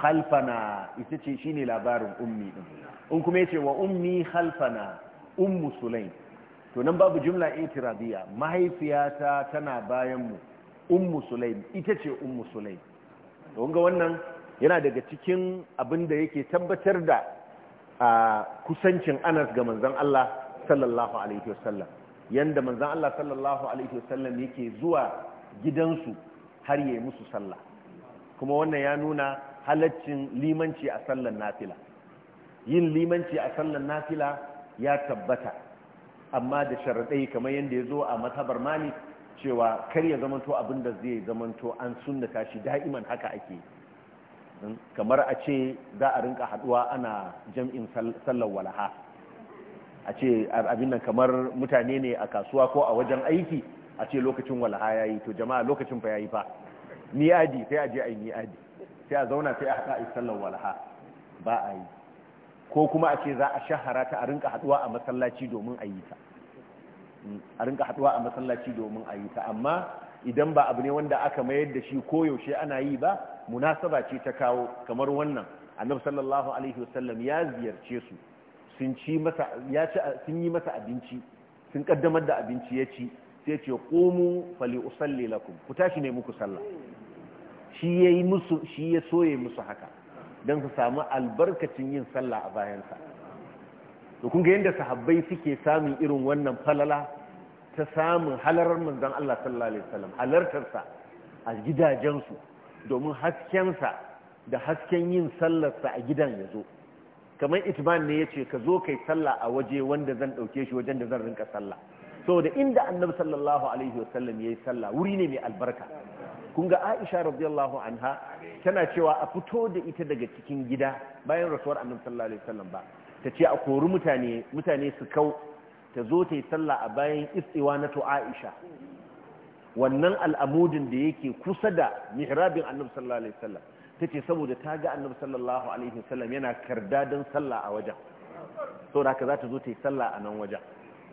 khalfana ita ce shi ne labarin ummi din in kuma ce wa ummi khalfana ummu sulaim to nan babu jumla i'tiradiyya mahaifiyata tana bayan mu ummu sulaim ita ce ummu sulaim don ga wannan yana daga cikin abin da yake tabbatar da kusancin anas ga manzon Allah sallallahu alaihi wasallam yanda manzon Allah sallallahu alaihi wasallam yake zuwa gidansu har yayi musu sallah kuma wannan ya nuna halaccin limanci a sallan nafila yin limanci a sallan nafila ya tabbata amma da sharaɗai kamar yanda ya zo a matabar malik cewa kar ya zamanto abin da zai zamanto an sunna tashi da'iman haka ake hmm? kamar a ce za a rinka haduwa ana jam'in sallar walaha a ce abin nan kamar mutane ne a kasuwa ko a wajen aiki a ce lokacin walaha ya yi to jama'a lokacin fa ya yi fa ni'adi sai a je a yi ni'adi sai a zauna sai a haɗa a yi sallar walaha ba a yi ko kuma a ce za a shahara ta a rinka haduwa a masallaci domin a yi ta a rinka haduwa a masallaci domin a yi ta amma idan ba abu ne wanda aka mayar da shi koyaushe ana yi ba munasaba ce ta kawo kamar wannan annabi sallallahu alaihi wasallam ya ziyarce su sun ci masa ya ci sun yi masa abinci sun kaddamar da abinci ya ci sai ya ce qumu fali usalli lakum ku tashi ne muku sallah shi yayi musu shi ya soye musu haka dan su samu albarkacin yin sallah a bayansa to kun ga yadda sahabbai suke samun irin wannan falala ta samun halarar manzon Allah sallallahu alaihi wasallam halartarsa a gidajensu domin haskensa da hasken yin sallarsa a gidan ya zo kamar itman ne ya ce ka zo kai sallah a waje wanda zan ɗauke shi wajen da zan rinka sallah saboda inda annabi sallallahu alaihi wasallam ya yi sallah wuri ne mai albarka kun ga aisha radiyallahu anha tana cewa a fito da ita daga cikin gida bayan rasuwar annabi sallallahu alaihi wasallam ba ta ce a kori mutane mutane su kau ta zo ta yi sallah a bayan istiwa na to Aisha wannan al'amudin da yake kusa da mihrabin annabi sallallahu alaihi wasallam tace saboda ta ga annabi sallallahu alaihi wasallam yana karda don sallah a wajen da haka za ta zo ta yi sallah a nan wajen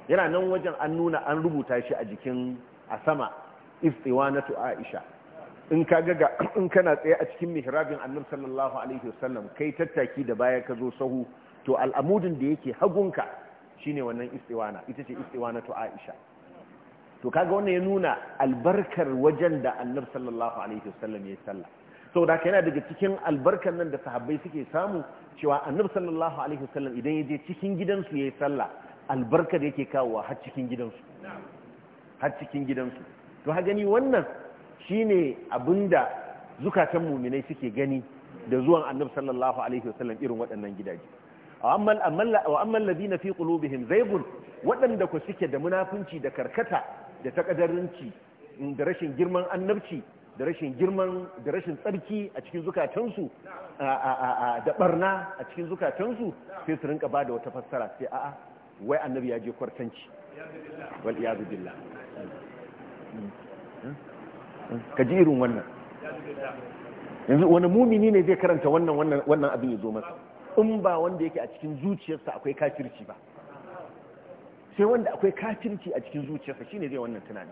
yana nan wajen an nuna an rubuta shi a jikin a sama istiwa na to Aisha in ka ga in kana tsaye a cikin mihrabin annabi sallallahu alaihi wasallam kai tattaki da baya ka zo sahu to al'amudin da yake hagunka shine wannan istiwana ita ce istiwana to Aisha to kaga wannan ya nuna albarkar wajen da Annabi sallallahu alaihi wasallam ya salla saboda yana daga cikin albarkar nan da sahabbai suke samu cewa Annabi sallallahu alaihi wasallam idan ya je cikin gidansu yi salla albarkar yake kawowa har cikin gidansu har cikin gidansu to ha gani wannan shine abinda zukatan muminai suke gani da zuwan Annabi sallallahu alaihi wasallam irin waɗannan gidaje wa amman na fi qulubihim zaygun waɗanda ku suke da munafunci da karkata da takadarinci da rashin girman annabci da rashin girman da rashin tsarki a cikin zukatansu da barna a cikin zukatansu sai su rinka da wata fassara sai a'a wai annabi ya je kwartanci wal iyadu billah ka ji irin wannan yanzu wani mumini ne zai karanta wannan wannan abin ya zo masa in ba wanda yake a cikin zuciyarsa akwai kafirci ba sai wanda akwai kafirci a cikin zuciyarsa shine zai wannan tunani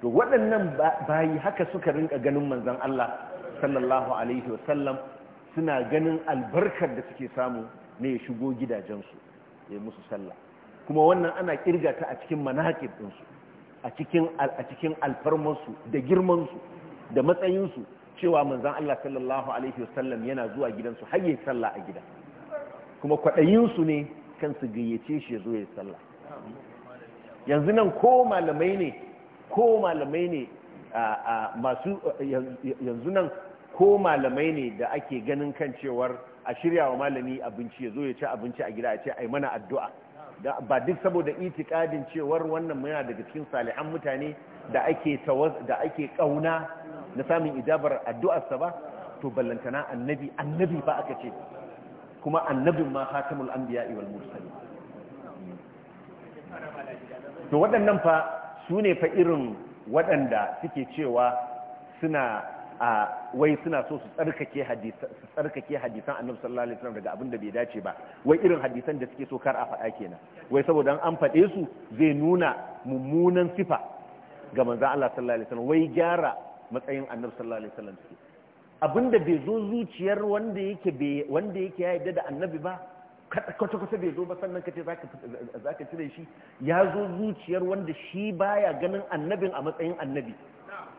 to waɗannan bayi haka suka rinka ganin manzon Allah sallallahu alaihi wasallam suna ganin albarkar da suke samu ne ya shigo gidajensu ya musu sallah kuma wannan ana kirga ta a cikin manaqib ɗinsu a cikin a cikin alfarmansu da girmansu da matsayinsu cewa manzan Allah sallallahu alaihi wasallam yana zuwa gidansu har sallah a gida kuma kwaɗayinsu ne kan su gayyace shi ya zo ya sallah yanzu nan ko malamai ne ko malamai ne masu yanzu nan ko malamai ne da ake ganin kan cewar a shirya wa malami abinci ya zo ya ci abinci a gida a ce ai mana addu'a ba duk saboda itikadin cewar wannan muna daga cikin salihan mutane da ake da ake kauna na samun ijabar addu'arsa ba to ballantana annabi annabi ba aka ce kuma annabin ma hatamul anbiya wal mursalin to waɗannan fa su ne fa irin waɗanda suke cewa suna a wai suna so su tsarkake hadisan su tsarkake hadisan Annabi sallallahu alaihi wasallam daga abin da bai dace ba wai irin hadisan da suke so kar a faɗa kenan wai saboda an faɗe su zai nuna mummunan sifa ga manzon Allah sallallahu alaihi wasallam wai gyara matsayin annabi sallallahu alaihi wasallam suke abinda bai zo zuciyar wanda yake wanda yake ya yadda da annabi ba kwata-kwata bai zo ba sannan kace zaka za ka shi ya zo zuciyar wanda shi baya ganin annabin a matsayin annabi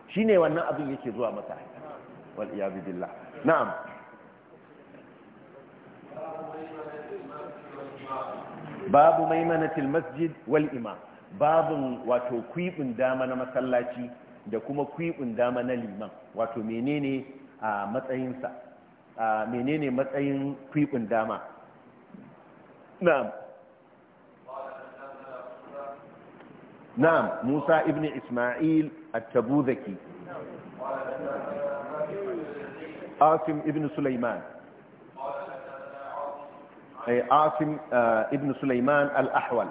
shine wannan abin yake zuwa masa wal iyabi billah na'am babu maimanatil masjid wal imam babun wato kwibin dama na masallaci da kuma kwiɓin dama na liman wato menene a matsayinsa menene matsayin kwiɓin dama na'am na'am musa ibn isma'il at-tabuzaki asim ibn sulaiman asim uh, ibn sulaiman al-ahwal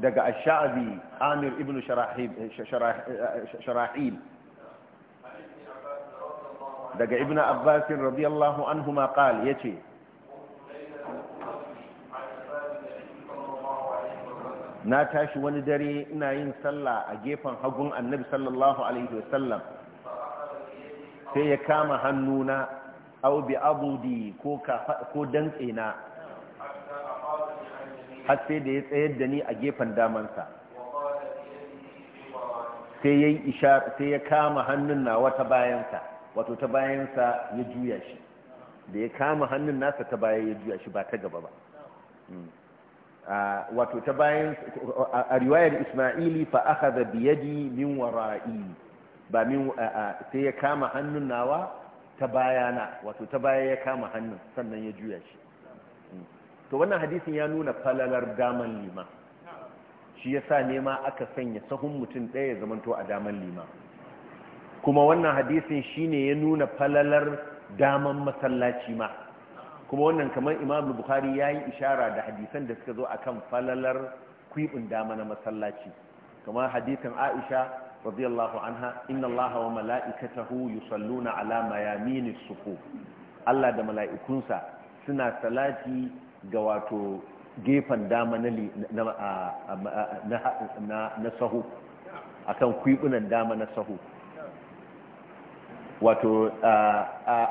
daga ash-sha'bi amir ibn sharahil daga ibn abbas radiyallahu anhuma qal yace na tashi wani dare ina yin sallah a gefen hagun annabi sallallahu alaihi wasallam sai ya kama hannuna au bi abudi ko dantse na har sai da ya tsayar da ni a gefen damansa sai ya sai ya kama hannun na wata bayansa wato ta bayansa ya juya shi da ya kama hannun nasa ta baya ya juya shi ba ta gaba ba hmm. wato ta bayan a riwayar isma'ili fa aka da biyadi min wara'i ba min sai ya kama hannun nawa ta bayana wato ta baya ya kama hannun sannan ya juya shi to wannan hadisin ya nuna falalar daman lima shi yasa nema aka sanya sahun mutum ɗaya ya zamanto a daman lima kuma wannan hadisin shine ya nuna falalar daman masallaci ma kuma wannan kamar imam bukhari ya yi ishara da hadisan da suka zo a kan falalar kwiɓin dama na masallaci kamar hadisin aisha radiyallahu anha inna allaha wa mala'ikatahu yusalluna ala mayaminis sufu Allah da mala'ikunsa suna salati ga wato gefen dama na sahu akan kwibunan dama na sahu wato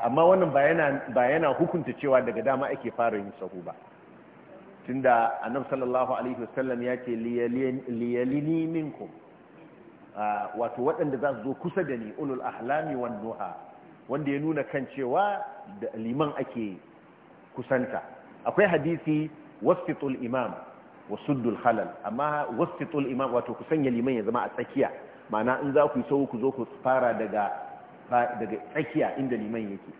amma wannan ba yana hukunta cewa daga dama ake fara yin sahu ba tun tunda annabi sallallahu alaihi wasallam ya ce liyalini minkum wato waɗanda za su zo kusa da ni ulul ahlami wanda ya nuna kan cewa da liman ake kusanta akwai hadisi wasfitul imam wa suddul halal amma wasfitul imam wato ku sanya liman ya zama a tsakiya ma'ana in za ku yi sau ku zo ku fara daga daga tsakiya inda liman yake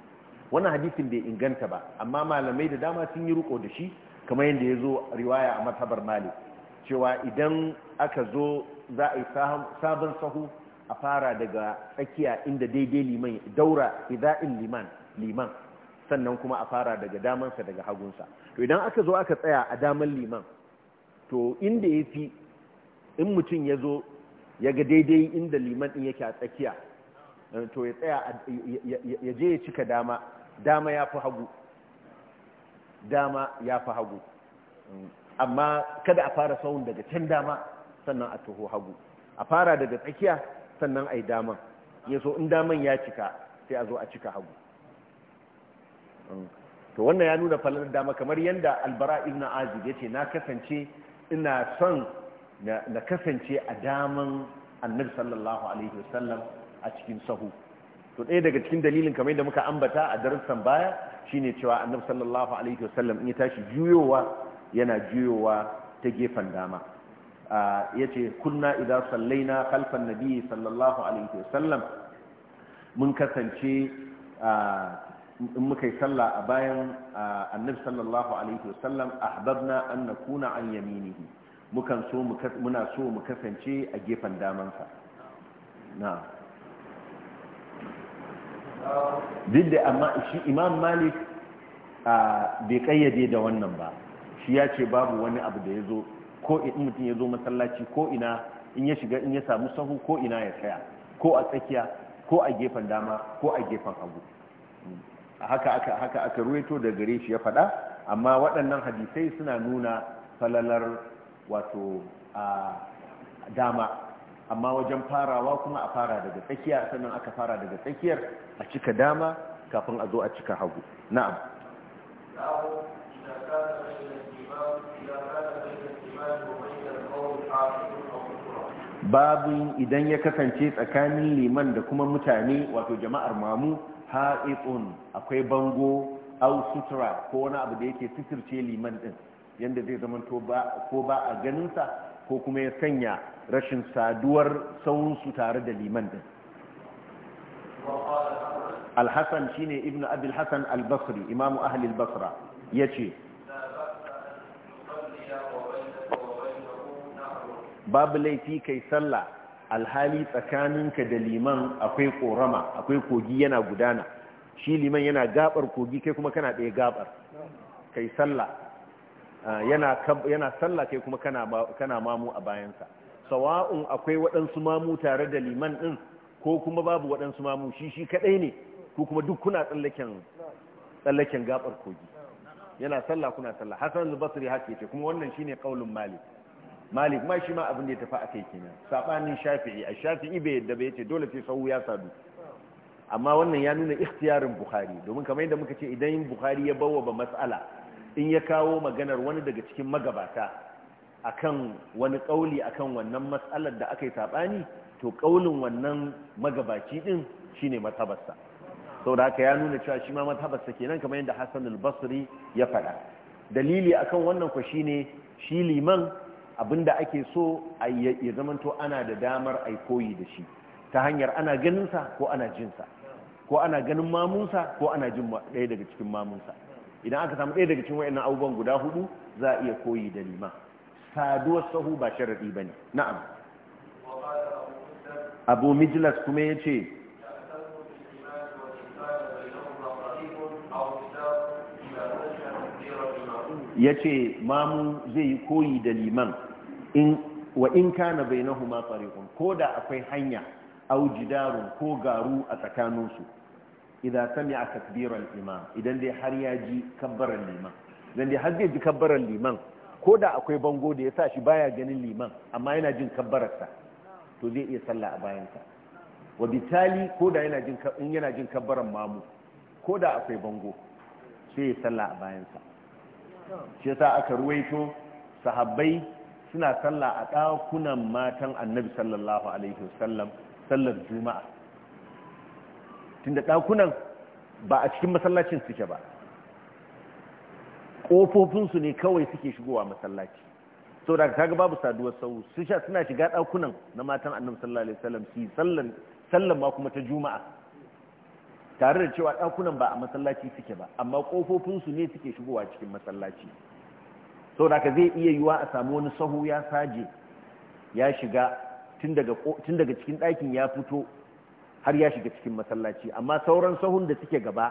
wannan hadisin bai inganta ba amma malamai da dama sun yi riko da shi kamar yadda ya zo riwaya a matabar malik cewa idan aka zo za a yi sabon sahu a fara daga tsakiya inda daidai liman daura ida'in liman liman sannan kuma a fara daga damansa daga hagunsa to idan aka zo aka tsaya a daman liman to inda ya fi in mutum ya zo ya ga daidai inda liman ɗin yake a tsakiya eh, to ya tsaya ya je ya cika dama dama ya fi hagu dama ya fi hagu amma kada a fara tsawon daga can dama sannan a taho hagu a fara daga tsakiya sannan a yi daman ya so in daman ya cika sai a zo a cika hagu Mm. to wannan ya nuna falalar dama kamar yadda albara ibn azib yace na kasance ina son na kasance a daman annabi sallallahu alaihi wasallam a cikin sahu to ɗaya daga cikin dalilin kamar yadda muka ambata a darussan baya shine cewa annabin sallallahu alaihi wasallam in ya tashi juyowa yana juyowa ta gefen dama ce kunna idan sallaina khalfan nabi sallallahu alaihi wasallam mun kasance in muka yi sallah a bayan annabi sallallahu alaihi wasallam ahbabna an nakuna an yaminihi mukan so muna so mu kasance a gefen damansa na duk amma shi imam malik bai kayyade da wannan ba shi ya ce babu wani abu da ya zo ko in mutum ya zo masallaci ko ina in ya shiga in ya samu sahu ko ina ya tsaya ko a tsakiya ko a gefen dama ko a gefen hagu haka aka haka aka ruwaito da gare shi ya faɗa amma waɗannan hadisai suna nuna falalar wato a dama amma wajen farawa kuma a fara daga tsakiya sannan aka fara daga tsakiyar a cika dama kafin a zo a cika hagu na'am Babu idan ya kasance tsakanin liman da kuma mutane wato jama'ar mamu ha'iqun akwai bango au sutra ko wani abu da yake suturce liman din yanda zai zama ko ba a ganin sa ko kuma ya sanya rashin saduwar sauran tare da liman din al-hasan shine ibnu abi al-hasan al-basri imamu ahli al-basra yace babu laifi kai sallah alhali tsakanin ka da liman akwai korama akwai kogi yana gudana shi liman yana gabar kogi kai kuma kana ɗaya gabar kai sallah ah, yana sallah kai kuma kana mamu a bayansa sawa'un akwai waɗansu mamu tare da liman ɗin ko kuma babu waɗansu mamu shi shi kaɗai ne ko kuma duk kuna tsallaken gabar kogi yana sallah kuna sallah hasan al-basri haka yake kuma wannan shine kaulin malik malik ma shi ma abin da ya tafi a kai kenan sabanin shafi'i a shafi'i bai yadda bai yace dole sai sahu ya sadu amma wannan ya nuna ikhtiyarin bukhari domin kamar yadda muka ce idan bukhari ya bawa ba matsala in ya kawo maganar wani daga cikin magabata akan wani kauli akan wannan mas'alar da aka yi sabani to kaulin wannan magabaci din shine matabarsa saboda haka ya nuna cewa shi ma matabarsa kenan kamar yadda Hassan al-Basri ya faɗa dalili akan wannan ku shine shi liman abinda ake so ya zamanto ana da damar a koyi da shi ta hanyar ana ganinsa ko ana jinsa ko ana ganin mamunsa ko ana jin ɗaya daga cikin mamunsa idan aka samu ɗaya daga cikin wa'annan abubuwan guda hudu za a iya koyi da lima saduwar sahu ba sharaɗi ba ne na'am abu mijilas kuma ya ce ya ce mamu zai yi koyi da liman in wa in kana bainahuma tariqun ko da akwai hanya aw jidarun ko garu a tsakaninsu idan sami'a takbiran imam idan dai har ya ji kabbaran liman idan dai har zai ji kabbaran liman ko da akwai bango da ya sa shi baya ganin liman amma yana jin kabbararsa to zai iya sallah a bayansa wa bitali ko da yana jin in yana jin kabbaran mamu ko da akwai bango sai ya sallah a bayansa shi yasa aka ruwaito sahabbai suna sallah a ɗakunan matan annabi sallallahu alaihi wasallam sallar juma'a tunda ɗakunan ba a cikin masallacin suke ba ƙofofinsu ne kawai suke shigowa masallaci sau da kaga babu saduwar sau su sha suna shiga ɗakunan na matan annabi sallallahu alaihi wasallam su sallan ma kuma ta juma'a tare da cewa ɗakunan ba a masallaci suke ba amma ƙofofinsu ne suke shigowa cikin masallaci saboda ka zai iya yiwa a samu wani sahu ya saje ya shiga tun daga cikin ɗakin ya fito har ya shiga cikin masallaci amma sauran sahun da suke gaba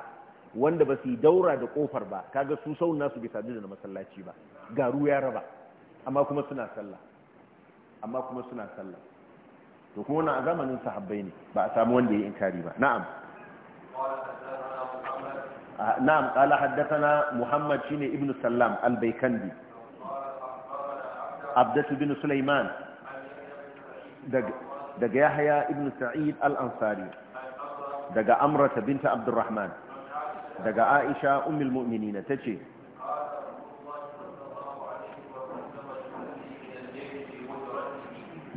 wanda ba su yi daura da kofar ba kaga su sahun nasu bai sadu da masallaci ba garu ya raba amma kuma suna sallah amma kuma suna sallah to kuma wannan a zamanin sahabbai ne ba a samu wanda ya inkari ba na'am ah, na'am qala haddathana muhammad shine ibnu sallam al-baykandi abdatu bin sulaiman daga yahya ibn sa'id al-ansari daga amrata binta abdurrahman daga aisha ummul ta tace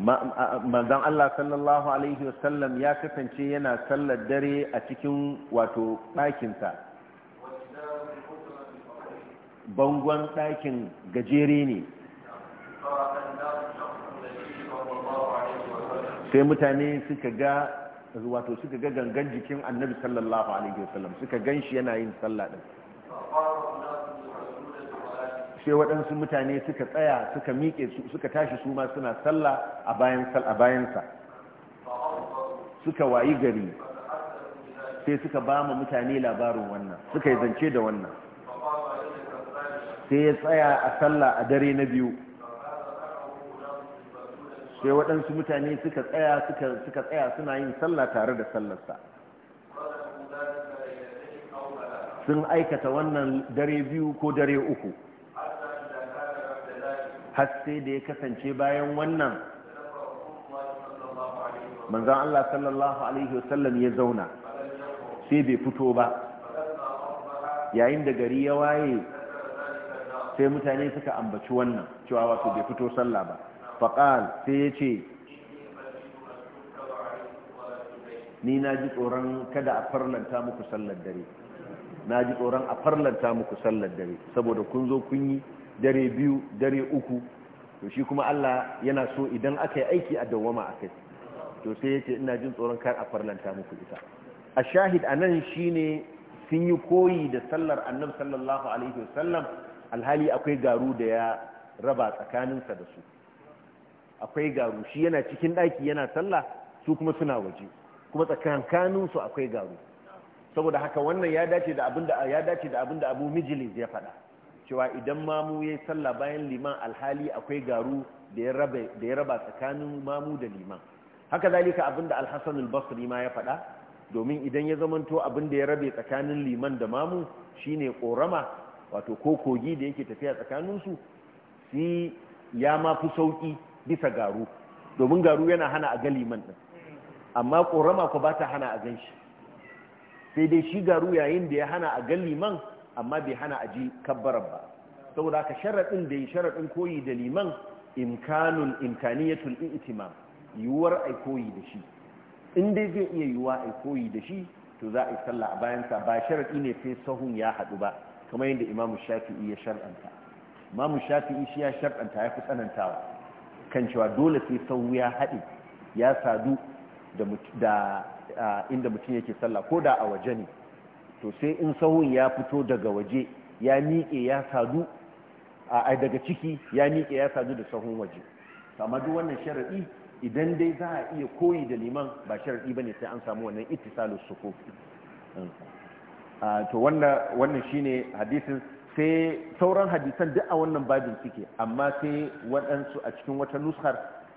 manzon Allah sallallahu alaihi wasallam ya kasance yana sallar dare a cikin wato ɗakinsa bangon ɗakin gajere ne sai mutane suka ga wato suka ga gangan jikin annabi sallallahu alaihi wasallam suka gan shi yana yin sallah din sai waɗansu mutane suka tsaya suka miƙe suka tashi su ma suna sallah a bayan a bayansa suka wayi gari sai suka ba mu mutane labarin wannan suka yi zance da wannan sai ya tsaya a sallah a dare na biyu sai waɗansu mutane suka tsaya suka tsaya suna yin sallah tare da sallarsa sun aikata wannan dare biyu ko dare uku har sai da ya kasance bayan wannan manzan Allah sallallahu Alaihi wasallam ya zauna sai bai fito ba yayin da gari ya waye sai mutane suka ambaci wannan cewa wato bai fito sallah ba faƙal sai ya ce ni na ji tsoron kada a farlanta muku sallar dare na ji tsoron a farlanta muku sallar dare saboda kun zo kun yi dare biyu dare uku to shi kuma Allah yana so idan aka yi aiki a dawwama a kai to sai ya ce ina jin tsoron kar a farlanta muku ita a shahid anan shine sun yi koyi da sallar annab sallallahu alaihi wasallam alhali akwai garu da ya raba tsakaninsa da su akwai garu shi yana cikin daki yana sallah su kuma suna waje kuma tsakankanin su akwai garu saboda haka wannan ya dace da abin da ya dace da abin da Abu Mijlis ya faɗa cewa idan mamu yayin sallah bayan liman alhali akwai garu da ya raba da ya raba tsakanin mamu da liman haka zalika abin da Al-Hasan al-Basri ma ya faɗa domin idan ya zamanto abin da ya rabe tsakanin liman da mamu shine korama wato ko kogi da yake tafiya tsakanin su si ya ma fi sauki bisa garu domin garu yana hana a ga liman ɗin, amma ƙorama ku ba ta hana a gan shi sai dai shi garu yayin da ya hana a ga liman amma bai hana a ji kabbarar ba saboda haka sharaɗin da ya sharaɗin koyi da liman imkanun imkaniyatul i'timam yiwuwar ai koyi da shi in dai zai iya yiwuwa ai koyi da shi to za a yi sallah a bayansa ba sharaɗi ne sai sahun ya haɗu ba kamar yadda imamu shafi'i ya sharɗanta imamu shafi'i shi ya sharɗanta ya fi tsanantawa kan cewa dole sai sahu ya haɗe ya sadu da inda mutum yake sallah ko da a waje ne to sai in sahun ya fito daga waje ya miƙe ya sadu a daga ciki ya miƙe ya sadu da sahun waje amma duk wannan sharaɗi idan dai za a iya koyi da liman ba sharaɗi ba ne sai an samu wannan ittisalus suko to wannan shine hadisin sai sauran hadisan duk a wannan babin suke amma sai waɗansu a cikin wata nushar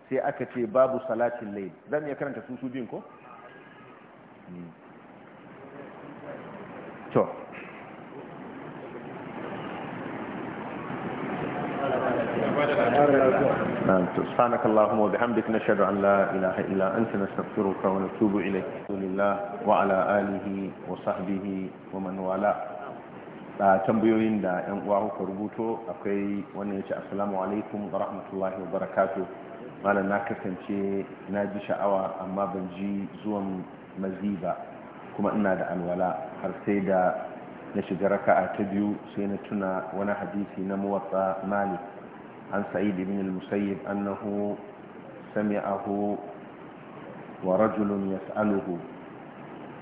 sai aka ce babu salatin layi zan iya karanta su su biyun ko? Hmm. to سبحانك اللهم وبحمدك نشهد أن لا إله إلا أنت نستغفرك ونتوب إليك لله وعلى آله وصحبه ومن والاه a tambayoyin da yan uwa kuka rubuto akwai wannan yace assalamu alaikum wa rahmatullahi wa barakatu malam na kasance na ji sha'awa amma ban ji zuwan mazi ba kuma ina da alwala har sai da na shiga raka'a ta biyu sai na tuna wani hadisi na muwatsa malik an sa'id ibn al-musayyib annahu sami'ahu wa rajulun yas'aluhu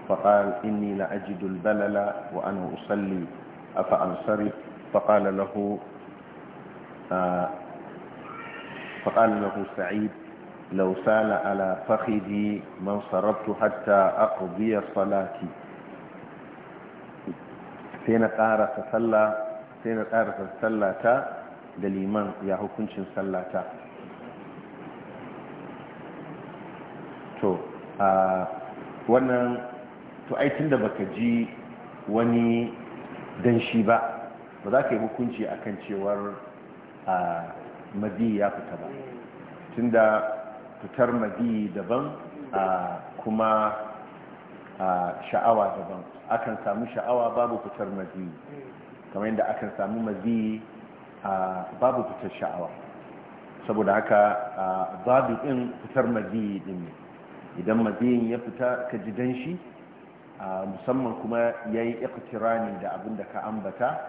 فقال إني لأجد balala وأنا usalli. فأنصرف فقال له فقال له سعيد لو سال على فخذي من صرفت حتى أقضي صلاتي سينا قارة صلى سينا قارة صلى تا دليمان يا حكمش صلى تا تو wannan to ai tunda baka ji wani don shi ba ba za ka yi hukunci a kan cewar madi ya fita ba tunda fitar madi daban kuma sha'awa daban akan samu sha'awa babu fitar madi kamar yadda akan samu madi babu fitar sha'awa saboda haka babu in fitar madi ɗin idan madi ya fita ka ji danshi musamman kuma ya yi ikitirani da abin da ka ambata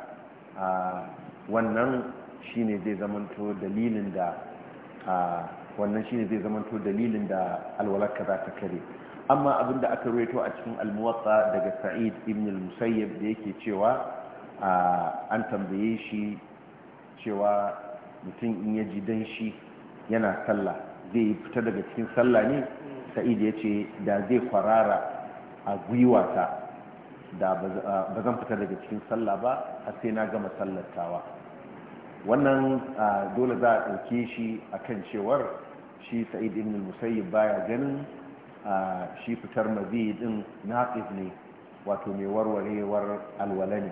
wannan shine zai zamanto dalilin da wannan shine zai zamanto dalilin da alwalarka za ta kare amma abin da aka ruwaito a cikin almuwatsa daga sa'id ibn Musayyaf musayyib da yake cewa an tambaye shi cewa mutum in ya ji shi yana sallah zai fita daga cikin sallah ne mm. sa'id ya ce da zai kwarara a gwiwata da ba zan fita daga cikin sallah ba har sai na gama sallatawa wannan dole za a ɗauke shi akan cewar shi sa'id ibn musayyib baya ganin shi fitar mazi din naqis ne wato mai warwarewar alwala ne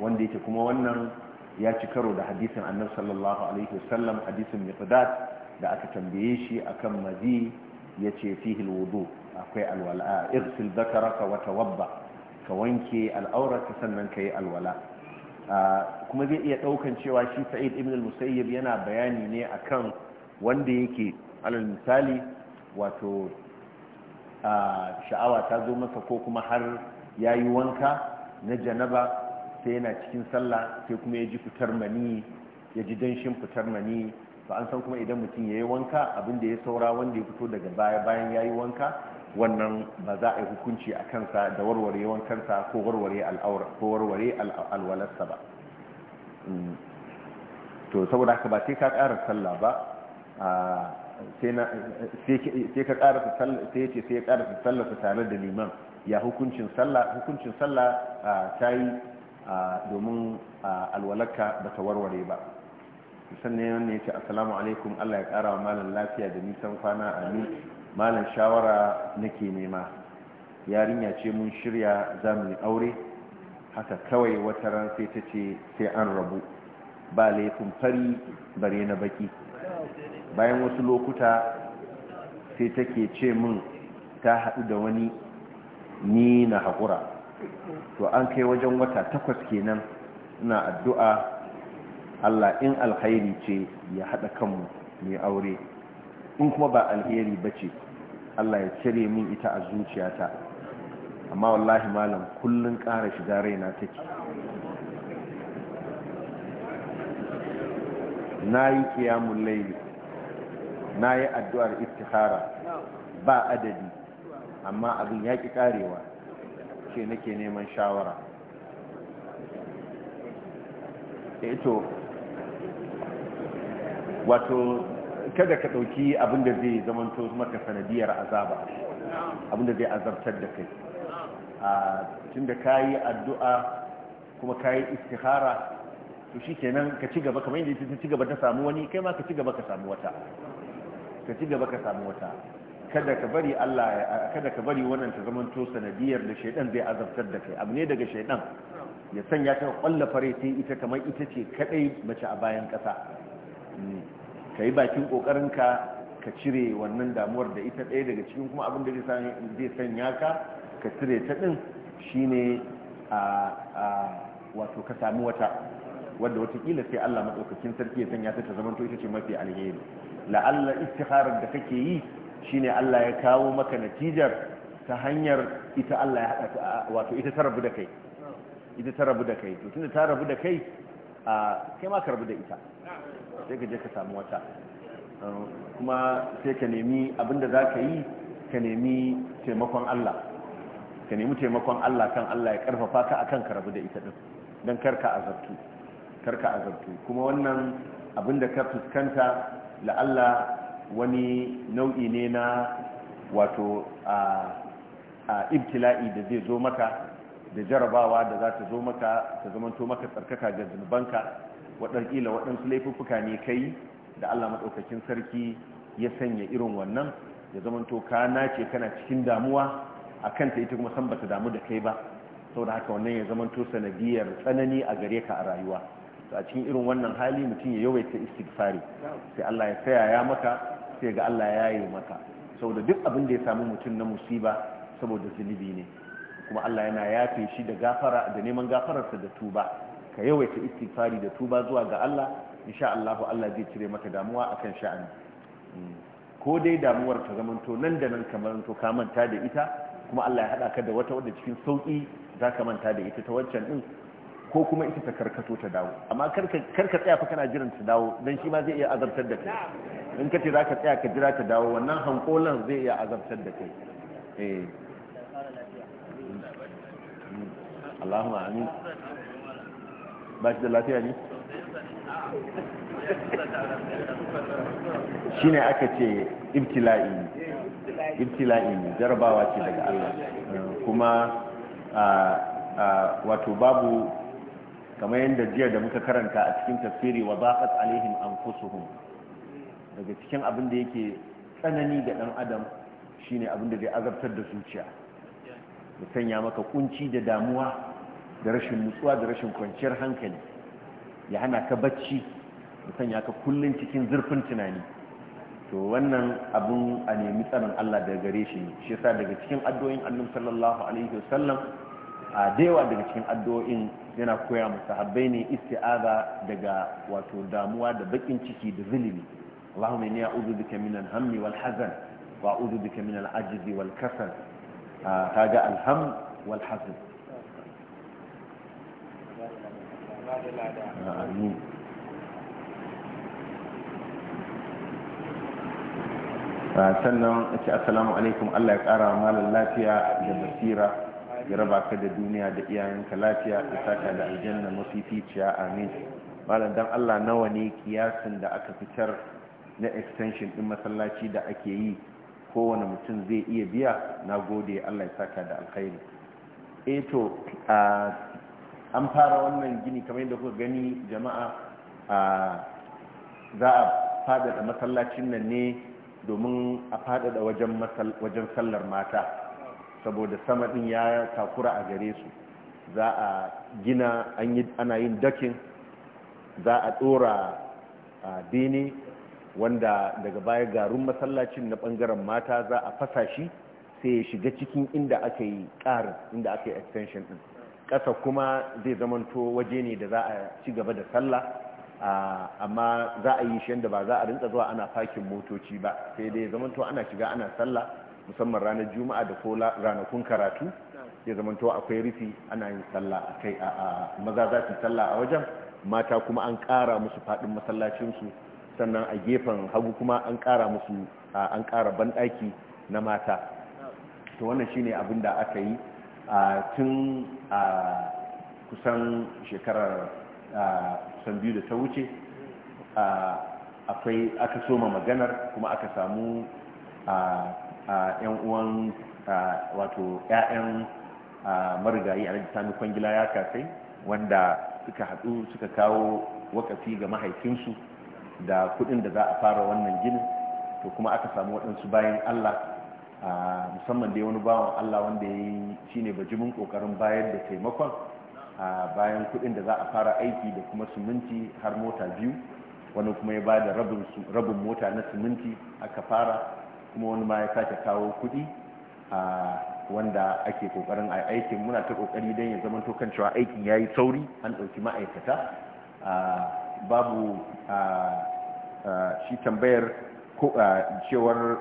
wanda yake kuma wannan ya ci karo da hadisin annabi sallallahu alaihi wasallam hadisin da aka tambaye shi akan mazi yace fihi alwudu akwai alwala irsil ka wata wabba ka wanke al'aurarka sannan ka yi alwala kuma zai iya daukan cewa shi sa'id ibn al-musayyib yana bayani ne akan wanda yake alal misali wato sha'awa ta zo masa ko kuma har yayi wanka na janaba sai yana cikin sallah sai kuma ya ji fitar mani ya ji danshin fitar mani to an san kuma idan mutum ya yi wanka abin da ya saura wanda ya fito daga baya bayan ya yi wanka wannan ba za a yi hukunci a kansa da warware wankansa ko warware alwalarsa ba mm. to saboda haka ba sai ka ƙara sallah ba sai ka ƙara sai ya ce sai ya ƙara sallah tare da liman ya hukuncin sallah hukuncin sallah ta yi domin alwalarka ba ta warware ba sannan wannan ya ce assalamu alaikum allah ya kara wa malam lafiya da nisan kwana a ni malam shawara nake nema yarinya ce mun shirya za mu yi aure haka kawai wata ran sai ta ce sai an rabu ba laifin fari bare na baki bayan wasu lokuta sai take ce mun ta haɗu da wani ni na haƙura to an kai wajen wata takwas kenan ina addu'a Allah in alkhairi ce ya haɗa kanmu mai aure in kuma ba alheri ba ce Allah ya cire min ita a zuciyata amma wallahi malam kullum ƙara shiga raina take na yi kiyamun laili na yi addu'ar iftihara ba adadi amma abin ya ƙi ƙarewa ce nake neman shawara eto eh wato kada ka ɗauki abin da zai zamanto maka sanadiyar azaba abin da zai azabtar da kai a tun da ka yi addu'a kuma ka yi istihara to shi kenan ka ci gaba kamar yadda ta ci gaba ta samu wani kai ma ka ci gaba ka samu wata ka ci gaba ka samu wata kada ka bari Allah kada ka bari wannan ta zamanto sanadiyar da shaidan zai azabtar da kai abu ne daga shaidan ya sanya ta kwallafa rai sai ita kamar ita ce kadai mace a bayan kasa hmm. ka yi bakin kokarin ka ka cire wannan damuwar da ita ɗaya daga cikin kuma abin da zai sanya ka ka cire ta ɗin shine a wato ka sami wata wadda watakila sai Allah maɗaukakin sarki ya sanya ta ta to ita ce mafi alheri la'alla istiharar da kake yi shine Allah ya kawo maka natijar ta hanyar ita Allah ya haɗa wato ita ta rabu da kai ita ta rabu da kai to tunda ta rabu da kai a kai ma karbi da ita sai ka je ka samu wata kuma sai ka nemi abinda za ka yi ka nemi taimakon Allah ka nemi taimakon Allah kan Allah ya karfafa ka akan karbi da ita din don karka azabtu karka azabtu kuma wannan abinda ka fuskanta la'alla wani nau'i ne na wato a ibtila'i da zai zo maka da jarabawa da za ta zo maka ta zamanto maka tsarkaka ga zunubanka waɗanƙila waɗansu laifuffuka ne kai da allah maɗaukakin sarki ya sanya irin wannan ya zamanto ka nace kana cikin damuwa a kanta ita kuma san bata damu da kai ba da haka wannan ya zamanto sanadiyar tsanani a gare ka a rayuwa to a cikin irin wannan hali mutum ya yawaita istighfari sai allah ya saya ya maka sai ga allah ya yi maka saboda duk abin da ya samu mutum na musiba saboda zunubi ne kuma Allah yana yafe shi da gafara da neman gafararsa da tuba ka yawaita istighfari da tuba zuwa ga Allah insha Allah Allah zai cire maka damuwa akan sha'ani mm. ko dai damuwar ta zamanto nan da nan kamar to ka manta da ita kuma Allah ya hada ka da wata wadda cikin sauki za ka manta da ita ta wancan din ko kuma ita ta karkato ta dawo amma karka karka tsaya fa kana jiran ta dawo dan shi ma zai iya azabtar da kai in ka ce ka tsaya ka jira ta dawo wannan hankolan zai iya azabtar da kai eh Allahumma amin ba shi da lafiya ne shi ne aka ce ibtila'i ibtila'i jarabawa ce daga Allah kuma wato babu kamar yadda jiya da muka karanta a cikin tafsiri wa baqat alaihim anfusuhum daga cikin abin da yake tsanani ga ɗan adam shine abin da zai azabtar da zuciya ya sanya maka kunci da damuwa da rashin nutsuwa da rashin kwanciyar hankali ya hana ka bacci da sanya ka kullum cikin zurfin tunani to wannan abun a nemi tsaron Allah daga gare shi ne shi yasa daga cikin addu'o'in Annabi sallallahu alaihi wasallam a daiwa daga cikin addu'o'in yana koya mu sahabbai ne isti'aza daga wato damuwa da bakin ciki da zulumi Allahumma inni a'udhu bika min al-hammi wal hazan wa a'udhu bika min al-ajzi wal kasal kaga al wal hazan Ah, ah, sannan ce assalamu alaikum allah ya kara malar lafiya da basira ya raba ka da duniya da iyayenka lafiya da saka da aljanna mafificiya amin malar don allah nawa ne kiyasin da aka fitar na extension din masallaci da ake yi kowane mutum zai iya biya na gode allah ya saka da alkhairi eto eh a ah, an fara wannan gini kamar yadda kuka gani jama'a a za a faɗaɗa masallacin nan ne domin a faɗaɗa wajen sallar mata saboda sama ɗin ya takura a gare su za a gina ana yin dakin za a ɗora bene wanda daga baya garin masallacin na ɓangaren mata za a fasa shi sai ya shiga cikin inda aka yi ƙarin inda aka yi extension din. ƙasa kuma zai zamanto waje ne da za a ci gaba da sallah amma za a yi shi yadda ba za a rinka zuwa ana fakin motoci ba sai dai zamanto ana shiga ana sallah musamman ranar juma'a da ko ranakun karatu ya zamanto akwai rufi ana yin sallah a kai a maza za su sallah a wajen mata kuma an ƙara musu faɗin masallacinsu sannan a gefen hagu kuma an ƙara musu an ƙara banɗaki na mata to wannan shine abin da aka yi A tun kusan shekarar kusan biyu da ta wuce akwai aka soma maganar kuma aka samu yan uwan wato 'ya'yan marigayi a mai kwangila ya kasai wanda suka haɗu suka kawo wakafi ga mahaifinsu da kuɗin da za a fara wannan ginin to kuma aka samu waɗansu bayan allah a musamman dai wani bawan Allah wanda ya yi shi ne bajimin kokarin bayar da taimakon a bayan kuɗin da za a fara aiki da kuma siminti har mota biyu wani kuma ya ba da rabin mota na siminti aka fara kuma wani ma ya sake kawo kuɗi a wanda ake kokarin a aikin muna ta kokari don ya zama to kan cewa aikin ya yi sauri an ɗauki ma'aikata babu shi tambayar cewar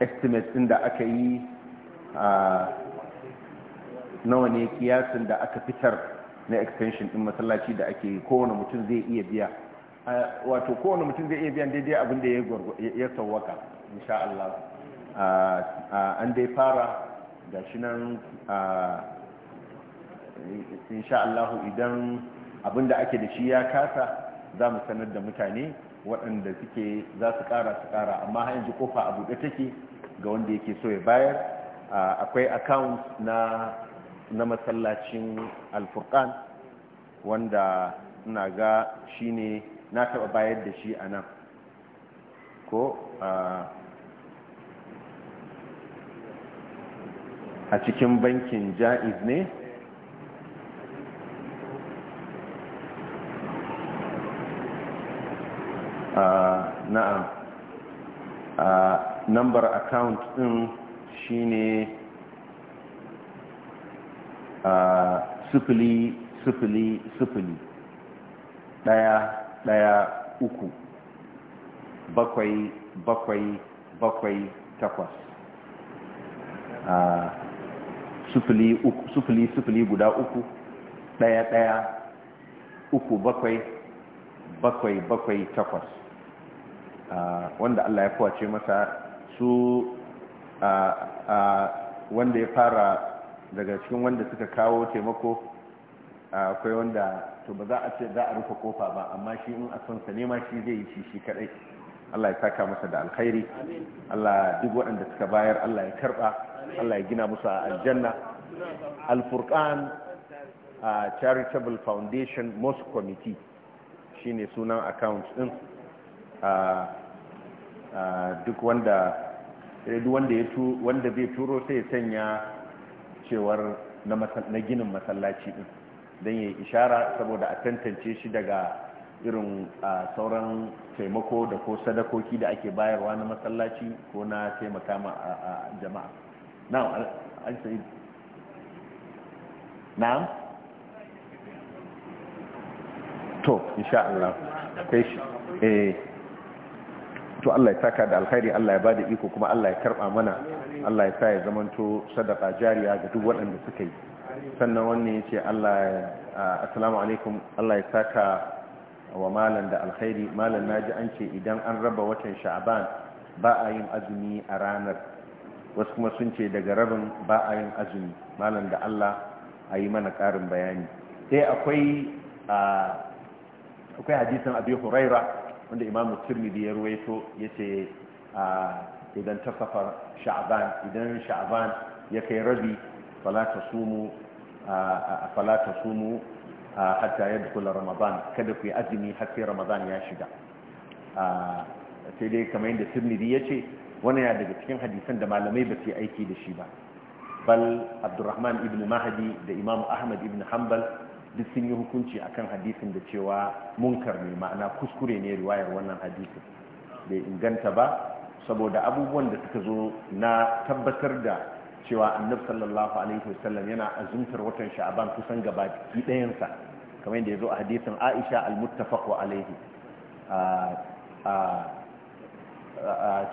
estimate din da aka yi nawa ne kiyasin da aka fitar na extension din masallaci da ake kowane mutum zai iya biya wato kowane mutum zai iya biyan daidai abin da ya sauwaka insha Allah an dai fara ga shi nan insha Allah idan abin da ake da shi ya kasa za mu sanar da mutane waɗanda suke za su ƙara su ƙara amma har yanzu kofa a buɗe take ga wanda yake so ya bayar akwai account na na masallacin alfurkan wanda ina ga shine na taɓa bayar da shi a nan ko a cikin bankin ja'iz ne na'am number account din shine sifili sifili sifili daya daya uku bakwai bakwai bakwai takwas sufuli sufuli sufuli guda uku daya daya uku bakwai bakwai bakwai takwas wanda Allah ya kowace masa su wanda ya fara daga cikin wanda suka kawo taimako akwai wanda to ba za a ce za a rufe kofa ba amma shi in a son sa nema shi zai yi shi shi kadai Allah ya saka masa da alkhairi Allah duk waɗanda suka bayar Allah ya karba Allah ya gina musu a aljanna alfurqan charitable foundation mosque committee shine sunan account din duk wanda eh, wanda zai turo sai sanya cewar na ginin masallaci din don ya ishara saboda a tantance shi daga irin sauran taimako da ko sadakoki da ake bayarwa na masallaci ko na taimaka ma jama'a na'am al-sa'id na'am to insha Allah kai eh to Allah ya saka da alkhairi Allah ya bada iko kuma Allah ya karba mana Allah ya sa ya zamanto sadaka jariya ga duk waɗanda suka yi sannan wannan yace Allah assalamu alaikum Allah ya saka wa malan da alkhairi malan naji an ce idan an raba watan sha'ban ba a yin azumi a ranar wasu kuma sun ce daga rabin ba a yin azumi malan da Allah a yi mana karin bayani sai akwai akwai hadisin abi huraira wanda imam tirmidhi ya ruwaito yace idan safar sha'ban idan sha'ban ya kai rabi falata sumu a hata yadda kula ramadan kada ku yi azumi har sai ramadan ya shiga sai dai kamar yadda ya ce wani ya daga cikin hadisan da malamai ba su aiki da shi ba bal abdurrahman ibn mahadi da imamu ahmad ibn hanbal duk sun yi hukunci akan hadisin da cewa munkar ne ma'ana kuskure ne riwayar wannan hadisin bai inganta ba saboda abubuwan da suka zo na tabbatar da cewa annabi sallallahu alaihi wasallam yana azumtar watan sha'aban kusan gabaki dayansa kamar yadda ya zo a hadisin aisha al-muttafaqu alaihi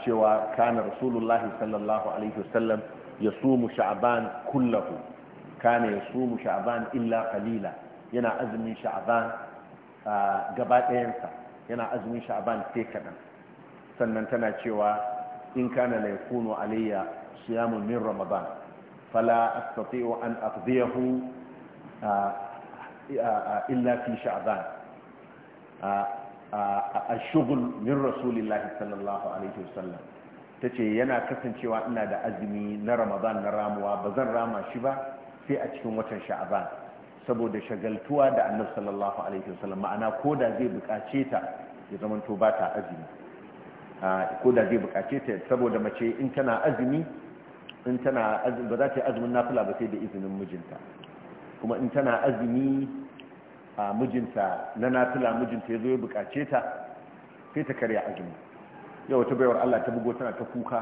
cewa kana rasulullahi sallallahu alaihi wasallam ya sumu sha'aban kullahu kana ya sumu sha'aban illa qalila yana azumin sha'aban gaba ɗayansa yana azumin sha'aban sai kaɗan sannan tana cewa in kana la yakunu su yamu min ramadan fala astati'u an aqdiyahu illa fi sha'aban الشغل من رسول الله صلى الله عليه ta ce yana kasancewa ina da azumi na ramadan na ramuwa ba zan rama shi ba sai a cikin watan sha'aban saboda shagaltuwa da annabi sallallahu alaihi wasallam ma'ana ko da zai bukace ta ya zamanto ba ta azumi ko da zai bukace ta saboda mace in tana azumi in tana azumi ba za ta yi azumin nafila ba sai da izinin mijinta kuma in tana azumi a mijinta na nafila mijinta ya zo ya bukace ta sai ta karya azumi yau ta baiwar Allah ta bugo tana ta kuka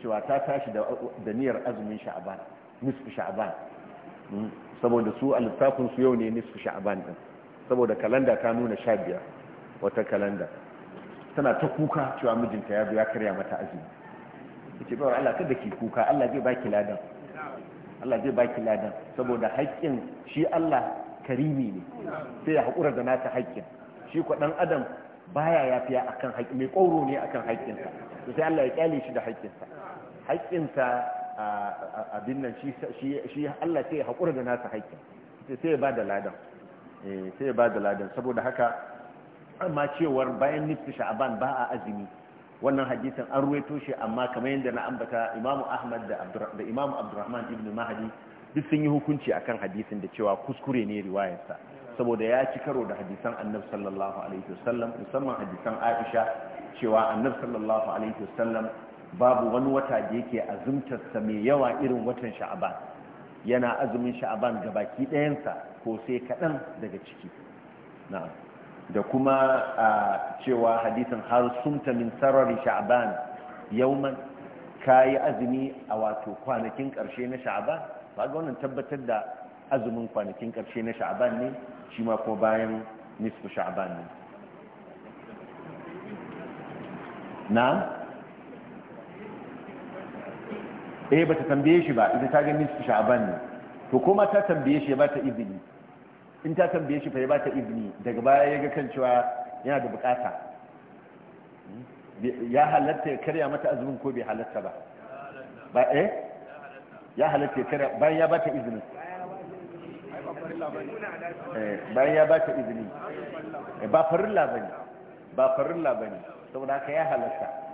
cewa ta tashi da niyyar azumin sha'aban nisfi sha'aban saboda su a lissafin su yau ne nisfu sha'aban din saboda kalanda ta nuna sha biyar wata kalanda tana ta kuka cewa mijinta ya ya karya mata azumi yace bawar Allah kada ki kuka Allah zai baki ladan Allah zai baki ladan saboda haƙƙin shi Allah karimi ne sai ya haƙura da nata haƙƙin shi ko dan adam baya yafiya akan haƙƙi mai ƙauro ne akan haƙƙinsa sai Allah ya kyale shi da haƙƙinsa haƙƙinsa abin nan shi Allah sai haƙura da nasa haƙƙin sai ba da ladan eh, sai ba da ladan saboda haka amma cewar bayan nifti sha'aban ba a azumi wannan hadisin an ruwaito shi amma kamar yadda na ambata imamu ahmad da imamu abdurrahman ibn mahadi duk sun yi hukunci akan hadisin da cewa kuskure ne riwayarsa saboda ya ci karo da hadisan annab sallallahu alaihi wasallam musamman hadisan aisha cewa annabi sallallahu alaihi wasallam babu wani wata da yake azumtarsa mai yawa irin watan sha'aban yana azumin sha'aban ga baki ɗayansa ko sai kaɗan daga ciki da kuma cewa hadisin har sumta min sarari sha'aban yauman ka yi azumi a wato kwanakin ƙarshe na sha'aban ba ga wannan tabbatar da azumin kwanakin ƙarshe na sha'aban ne shi ma ko bayan nisfu sha'aban ne na eh ta tambaye shi ba ita ta gani su sha'aban ne to kuma ta tambaye shi ya ta izini in ta tambaye shi fa ya ta izini daga baya ya ga kan cewa yana da bukata hmm? ya halatta ya karya mata azumin ko bai halatta ba ba eh ya halatta ya karya bayan ya ba ta izinin eh, bayan ya ba ta izini eh, ba farilla bane ba farilla bane saboda haka ya halatta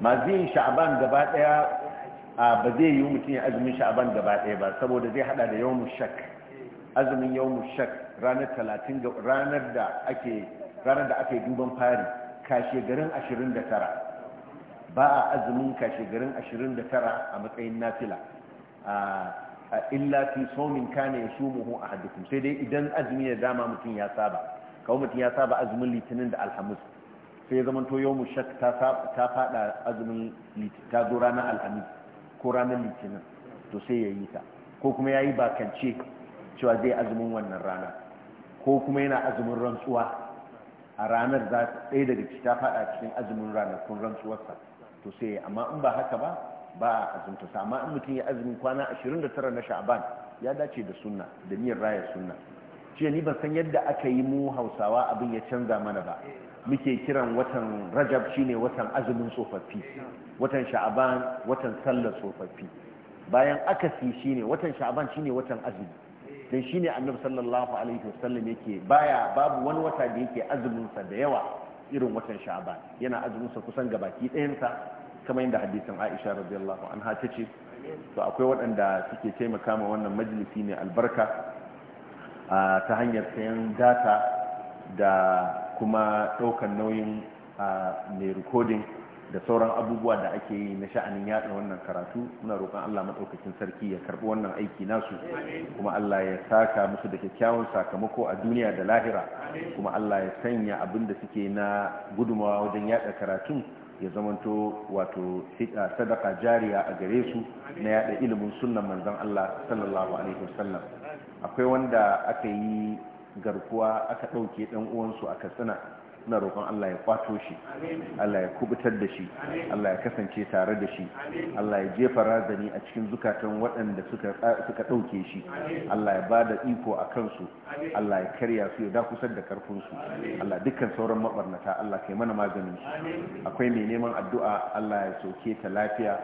maziyin sha'aban gaba daya ba zai yi mutum ya azumin sha'aban gaba daya ba saboda zai hada da yawon shak azumin yawon shak ranar talatin ranar da ake ranar da ake duban fari kashe garin ba a azumin kashe garin tara a matsayin nafila illa fi somin kane ya shumuhu a haddukun sai dai idan azumi da dama mutum ya saba kawo mutum ya saba azumin litinin da alhamis sai ya zama to mu shak ta fada azumin ta zo ranar alhamis ko ranar litinin to sai ya yi ta ko kuma ya yi bakance cewa zai azumin wannan rana ko kuma yana azumin rantsuwa a ranar za ɗaya daga ci ta fada cikin azumin ranakun rantsuwarsa to sai amma in ba haka ba ba a azumta sa amma in mutum ya azumin kwana 29 na sha'aban ya dace da sunna da niyyar raya sunna ce ni ban san yadda aka yi mu hausawa abin ya canza mana ba muke kiran watan rajab shine watan azumin tsofaffi watan sha'aban watan sallar tsofaffi bayan akasi shine watan sha'aban shine watan azumi dan shine annabi sallallahu alaihi wasallam yake baya babu wani wata da yake azumin sa da yawa irin watan sha'aban yana azumin sa kusan gabaki ɗayan sa kamar yadda hadisin Aisha radiyallahu anha tace to akwai waɗanda suke taimaka ma wannan majalisi ne albarka ah, ta hanyar sayan data da kuma ɗaukar nauyin mai rikodin da sauran abubuwa da ake yi na sha'anin yaɗa wannan karatu muna roƙon Allah maɗaukakin sarki ya karɓi wannan aiki nasu kuma Allah ya saka musu da kyakkyawan sakamako a duniya da lahira kuma Allah ya sanya abin da suke na gudumawa wajen yaɗa karatun ya zamanto wato sadaka jariya a gare su na yaɗa ilimin sunnan manzon Allah sallallahu alaihi wasallam akwai wanda aka yi garkuwa aka ɗauke ɗan uwansu a katsina suna roƙon Allah ya kwato shi Allah ya kubutar da shi Allah ya kasance tare da shi Allah ya jefa razani a cikin zukatan waɗanda suka ɗauke shi Allah ya ba da iko a kansu Allah ya karya su ya dakusar da karfinsu Allah dukkan sauran mabarnata Allah kai mana maganin su akwai mai neman addu'a Allah ya soke ta lafiya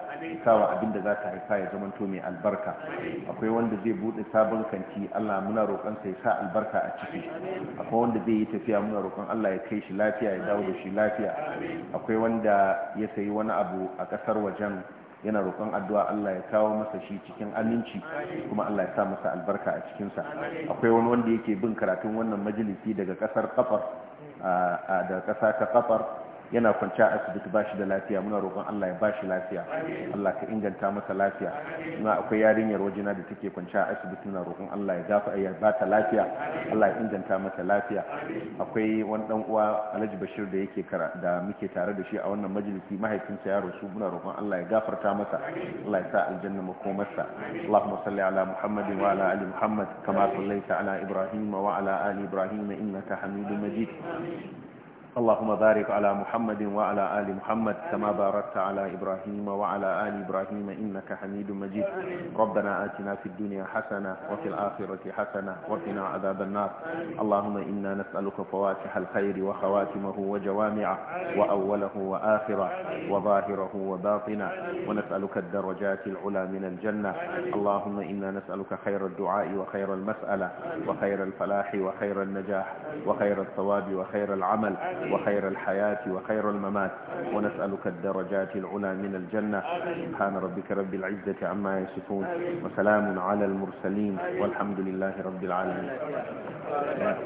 sawa abin da za ta haifa ya zama to mai albarka akwai wanda zai buɗe sabon kanti Allah muna roƙon sa ya sa albarka a ciki akwai wanda zai yi tafiya muna roƙon Allah ya kai shi lafiya ya dawo da shi lafiya akwai wanda ya sayi wani abu a kasar wajen yana roƙon addu'a Allah ya kawo masa shi cikin aminci kuma Allah ya sa masa albarka a cikinsa akwai wani wanda yake bin karatun wannan majalisi daga kasar kafar da kasa ta kafar yana kwanci a asibiti ba shi da lafiya muna roƙon Allah ya ba shi lafiya Allah ka inganta masa lafiya na akwai yarinyar wajena da take kwanci a asibiti muna roƙon Allah ya gafa ya ba ta lafiya Allah ya inganta mata lafiya akwai wani dan uwa Alhaji Bashir da yake kara da muke tare da shi a wannan majalisi mahaifinsa ya rasu muna roƙon Allah ya gafarta masa Allah ya sa aljanna makomarsa Allahumma salli ala Muhammadin wa ala ali Muhammad kama sallaita ala Ibrahim wa ala ali Ibrahim innaka Hamidum Majid اللهم بارك على محمد وعلى آل محمد كما باركت على إبراهيم وعلى آل إبراهيم إنك حميد مجيد ربنا آتنا في الدنيا حسنة وفي الآخرة حسنة وقنا عذاب النار اللهم إنا نسألك فواتح الخير وخواتمه وجوامعه وأوله وآخره وظاهره وباطنه ونسألك الدرجات العلى من الجنة اللهم إنا نسألك خير الدعاء وخير المسألة وخير الفلاح وخير النجاح وخير الثواب وخير العمل وخير الحياة وخير الممات ونسألك الدرجات العلى من الجنة سبحان ربك رب العزة عما يصفون وسلام على المرسلين والحمد لله رب العالمين